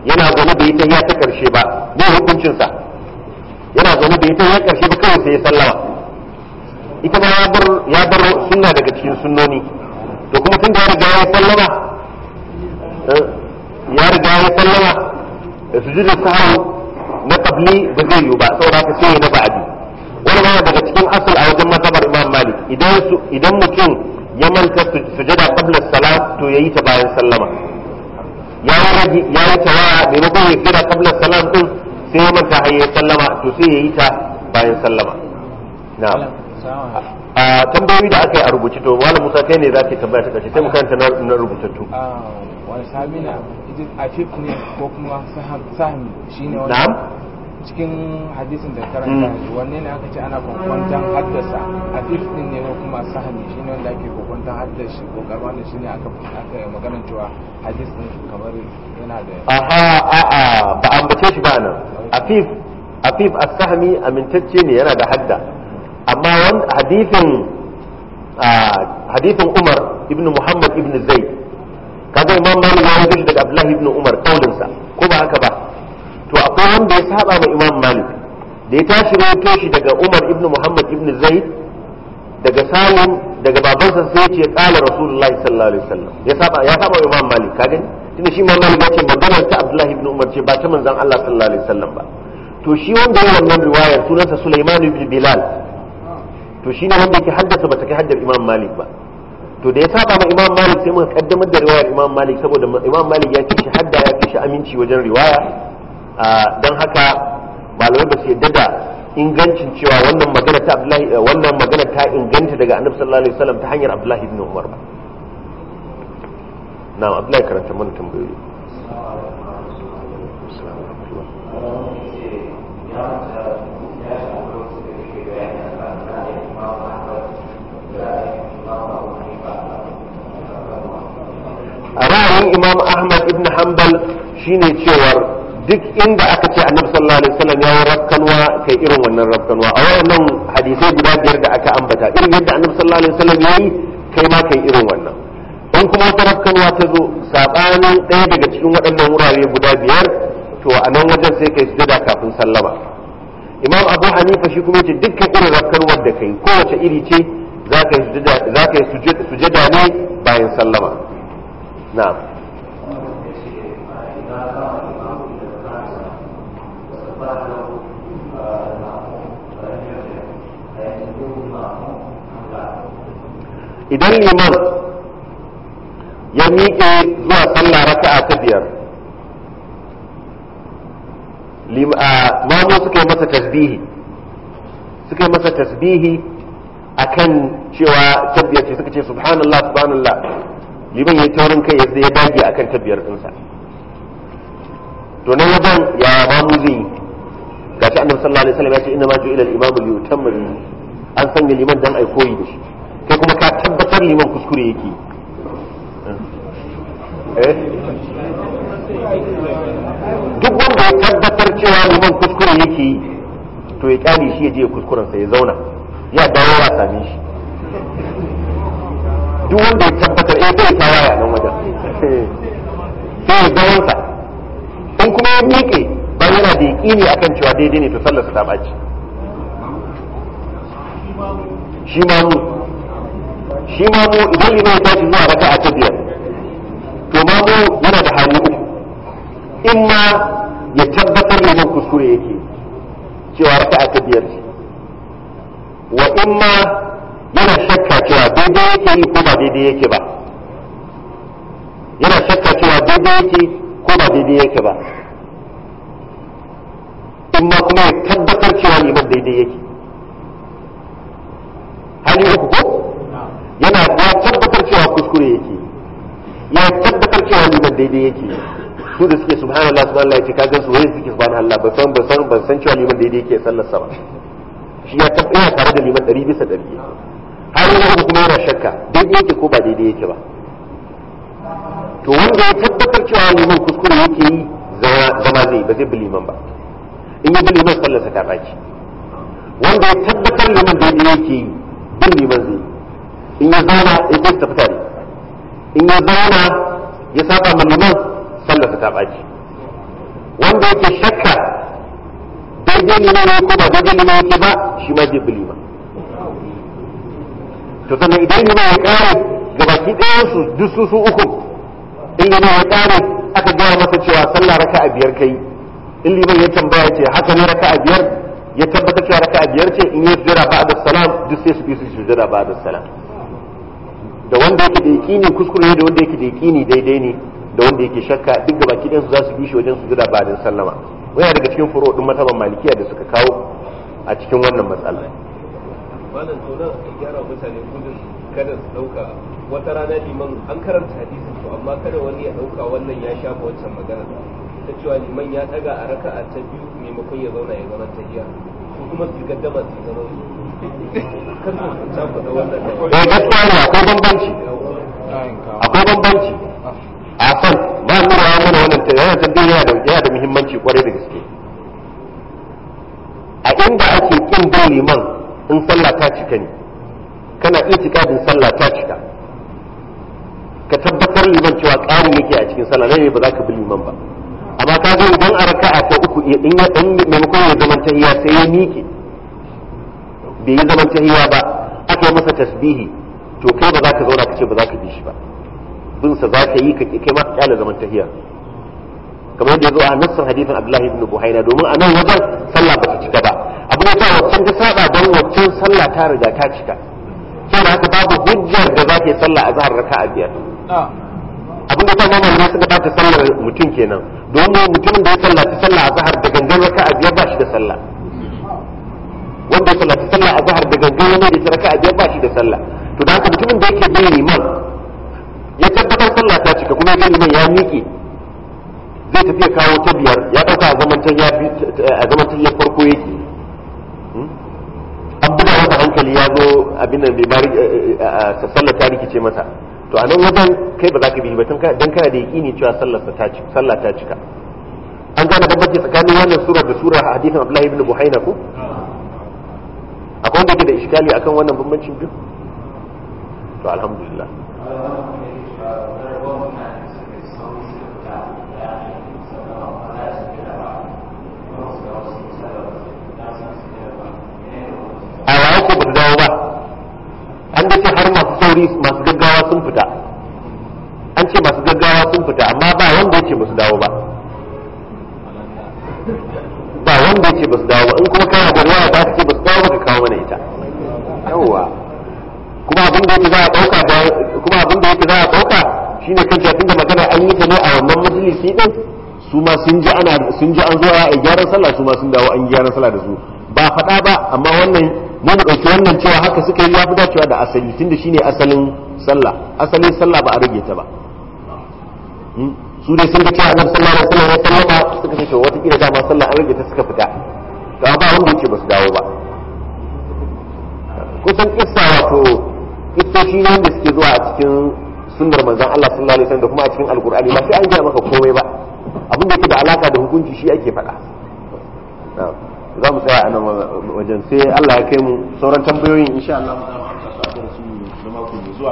Speaker 1: yana zaune da ita hiya ta karshe ba bai hukuncinsa yana zaune da ita hiya karshe ba kawai sai ya sallama ita ma ya bar suna daga cikin sunnoni to kuma tun da ya riga ya sallama eh, ya riga ya sallama sujudu sahu na kabli ba zai yi ba saboda ka ce na ba'adi wani ma daga cikin asal a wajen mazhabar imam malik idan idan mutum ya manta su jada qabla salat to ya yi ta bayan sallama ya yi ya yi tawaya maimakon ya jada qabla salat din sai ya manta hanyar ya sallama to sai yi ta bayan sallama na'am a tambayoyi da aka yi a rubuce to wala musa kai ne za ka tambaya ta kashe sai mu karanta na rubutattu ah, wani samina idin afif ne ko kuma sahmi shi ne wani cikin hadisin da karanta hmm. wanne ne aka ce ana kwakwantan haddasa afif din ne ko kuma sahmi shi ne wanda ake kwakwantan haddasa ko karwa ne shi ne aka yi magana cewa hadis din kamar yana da aha a'a ba ambace shi ba nan afif afif as-sahmi amintacce ne yana da hadda amma wani hadithin ah, hadithin umar ibn muhammad ibn zaid kaga imam malik ya yi daga abdullah ibn umar kaulinsa ko ba haka ba to akwai wanda ya saba ma imam malik da ya tashi rawaito shi daga umar ibn muhammad ibn zaid daga salim daga babansa sai ce kala rasulullahi sallallahu alaihi wasallam ya saba ya saba imam malik ka gani tunda shi imam malik ya ce maganar ta abdullah ibn umar ce ba ta manzon Allah sallallahu alaihi wasallam ba to shi wanda ya wannan riwayar sunansa sulaiman ibn bilal to shine wanda yake haddasa ba ta kai haddar imam malik ba to da ya saba ma imam malik sai muka kaddamar da riwayar imam malik saboda imam malik ya fi shi hadda ya fi shi aminci wajen riwaya don haka malamai ba su yadda da ingancin cewa wannan magana ta abdullahi wannan magana ta inganta daga annabi sallallahu alaihi wasallam ta hanyar abdullahi ibn umar ba na'am abdullahi karanta mana tambayoyi assalamu
Speaker 2: alaikum
Speaker 1: imam ahmad ibn hanbal shine cewar duk inda aka ce annabi sallallahu alaihi wasallam ya yi rafkanwa kai irin wannan rafkanwa a wannan hadisai guda biyar da aka ambata irin yadda annabi sallallahu alaihi wasallam ya yi kai ma kai irin wannan in kuma wata rafkanwa ta zo sabanin ɗaya daga cikin waɗannan wurare guda biyar to a nan wajen sai kai sujada kafin sallama imam abu hanifa shi kuma yace dukkan irin rafkanwar da kai kowace iri ce za ka yi sujada ne bayan sallama na'am idan imam ya miƙe zuwa sallah a ta biyar mamu suka yi masa tasbihi suka yi masa tasbihi akan cewa tabbiya ce suka ce subhanallah subhanallah liman ya taurin kai ya dage kan tabbiyar ɗinsa to nan wajen ya ba mu zai shi annabi sallallahu alaihi wasallam ya ce inna ma ju'ila al-imamu li yutamma an sanya liman dan ai koyi da shi kai kuma ka tabbatar liman kuskure yake
Speaker 2: eh
Speaker 3: duk wanda ya tabbatar cewa
Speaker 1: liman kuskure yake yi to ya kyale shi ya je kuskuren sa ya zauna ya dawo ya same shi duk wanda ya tabbatar eh kai ta waya nan wajen sai ya zauna ya miƙe ba yana da yaƙini akan cewa daidai ne to sallar sa ta ɓaci shi ma mu shi ma mu idan liman ya tashi zuwa raka'a ta biyar to ma mu yana da hali uku in ma ya tabbatar liman kuskure yake cewa raka'a ta biyar ce wa in ma yana shakka cewa daidai yake yi ko ba daidai yake ba yana shakka cewa daidai yake ko ba daidai yake ba amma kuma ya tabbatar cewa liman daidai yake hali uku ko yana ya tabbatar cewa kuskure yake ya tabbatar cewa liman daidai yake su da suke subhanallah subhanallah ya ce ka gan su wai suke subhanallah ban san ban san ban san cewa liman daidai yake sallar sama shi ya tabbata tare da liman ɗari bisa ɗari hali uku kuma yana shakka daidai yake ko ba daidai yake ba to wanda ya tabbatar cewa liman kuskure yake yi zama zai ba zai bi liman ba in yi bin liman sallarsa ta ɓaci wanda ya tabbatar liman daidai yake yi bin liman zai in ya zauna ya sai tafi tare in ya zauna ya saba ma liman sallarsa ta ɓaci wanda yake shakka
Speaker 3: daidai liman ne ko ba daidai liman yake ba
Speaker 1: shi ma zai bi to sannan idan liman ya ƙare gabaki ɗaya su duk su uku in liman ya ƙare aka gaya masa cewa sallah a biyar kai in liman ya tambaya ce haka ne raka'a biyar ya tabbata cewa raka'a biyar ce in ya sujjada da salam duk sai su bi su sujjada da salam da wanda yake da yaqini kuskure ne da wanda yake da yaqini daidai ne da wanda yake shakka duk baki kidan su za su bi shi wajen sujjada da sallama wai daga cikin furo din mataban malikiya da suka kawo a cikin wannan matsalar
Speaker 2: malam tona gyara mutane gudun kada su dauka
Speaker 1: wata rana liman an karanta hadisi to amma kada wani ya dauka wannan ya shafa wancan magana ta cewa liman ya daga a raka'a ta biyu maimakon ya zauna ya zama ta iya su kuma su gaddama su zama su kan su cakuɗa wannan da ya eh,
Speaker 3: gaskiya akwai bambanci
Speaker 1: akwai bambanci a san ba mu rawa mana wannan ta yana tambayi yana da yana da muhimmanci kwarai da gaske a inda ake kin da liman in sallah ta cika ne kana iya tikadin sallah ta cika ka tabbatar liman cewa ƙarin yake a cikin sallah ne ba za ka bi liman ba amma ka ga idan a raka'a ta uku in ya dan maimakon ya ta iya sai ya miƙe bai yi ta iya ba aka yi masa tasbihi to kai ba za ka zauna ka ce ba za ka bi shi ba bin sa za ka yi ka kai ma kyale zaman iya kamar da ya zo a nassar hadithin Abdullahi ibn Buhaina domin a nan wajen sallah ba ta cika ba abu ne da wancan ta saba don wancan sallah ta riga ta cika sai haka babu hujjar da za ka yi sallah a zahar raka'a biyar ah. abin da ta mamman suka ba ta sallar mutum kenan domin mutumin da ya sallaci sallah a zahar da gangan raka a biyar ba shi da sallah wanda ya sallaci sallah a zahar da gangan yana da ya a biyar ba shi da sallah to da haka mutumin da yake bin liman ya tabbatar sallah ta cika kuma bin liman ya miƙe zai tafiya kawo ta biyar ya ɗauka a zamantar ya a zamantar ya farko yake hmm? an buga masa hankali ya zo abin da bai eh, eh, eh, sallah ta rikice masa to anan nan wajen kai ba za ka bi ba don kana da yaƙini cewa sallah ta cika an gane bambanci tsakanin wannan surar da surar hadisin abdullahi ibn buhaina ko akwai wanda da iskali akan wannan bambancin biyu to alhamdulillah a waye ko ba dawo ba an dace har masu sauri masu fita amma ba wanda yake ce ba su dawo ba ba wanda yake ce ba su dawo ba in kuma kana da ruwa su ce ba su dawo ba ka kawo mana ita yawwa kuma abin da yake za a dauka kuma abin da yake za a dauka shine kan shafin da magana an yi ta ne a wannan majalisi din su ma sun ji ana sun ji an zo a gyaran sallah su ma sun dawo an gyaran sallah da su ba faɗa ba amma wannan mun mu ɗauki wannan cewa haka suka yi ya fi dacewa da asali tunda shine asalin sallah asalin sallah ba a rage ta ba su dai sun ga cewa annabi sallallahu alaihi wasallam ya sallama suka ce to wata kila dama sallah an rage ta suka fita to ba wanda yake ba su dawo ba kusan kissa wato kissoshi ne da suke zuwa a cikin sunnar manzon Allah sallallahu alaihi wasallam da kuma a cikin alqur'ani ba sai an gaya maka komai ba abin da yake da alaka da hukunci shi ake faɗa za mu tsaya a nan wajen sai Allah ya kai mu sauran
Speaker 2: tambayoyin insha Allah mu amsa
Speaker 1: su a su na mako mai zuwa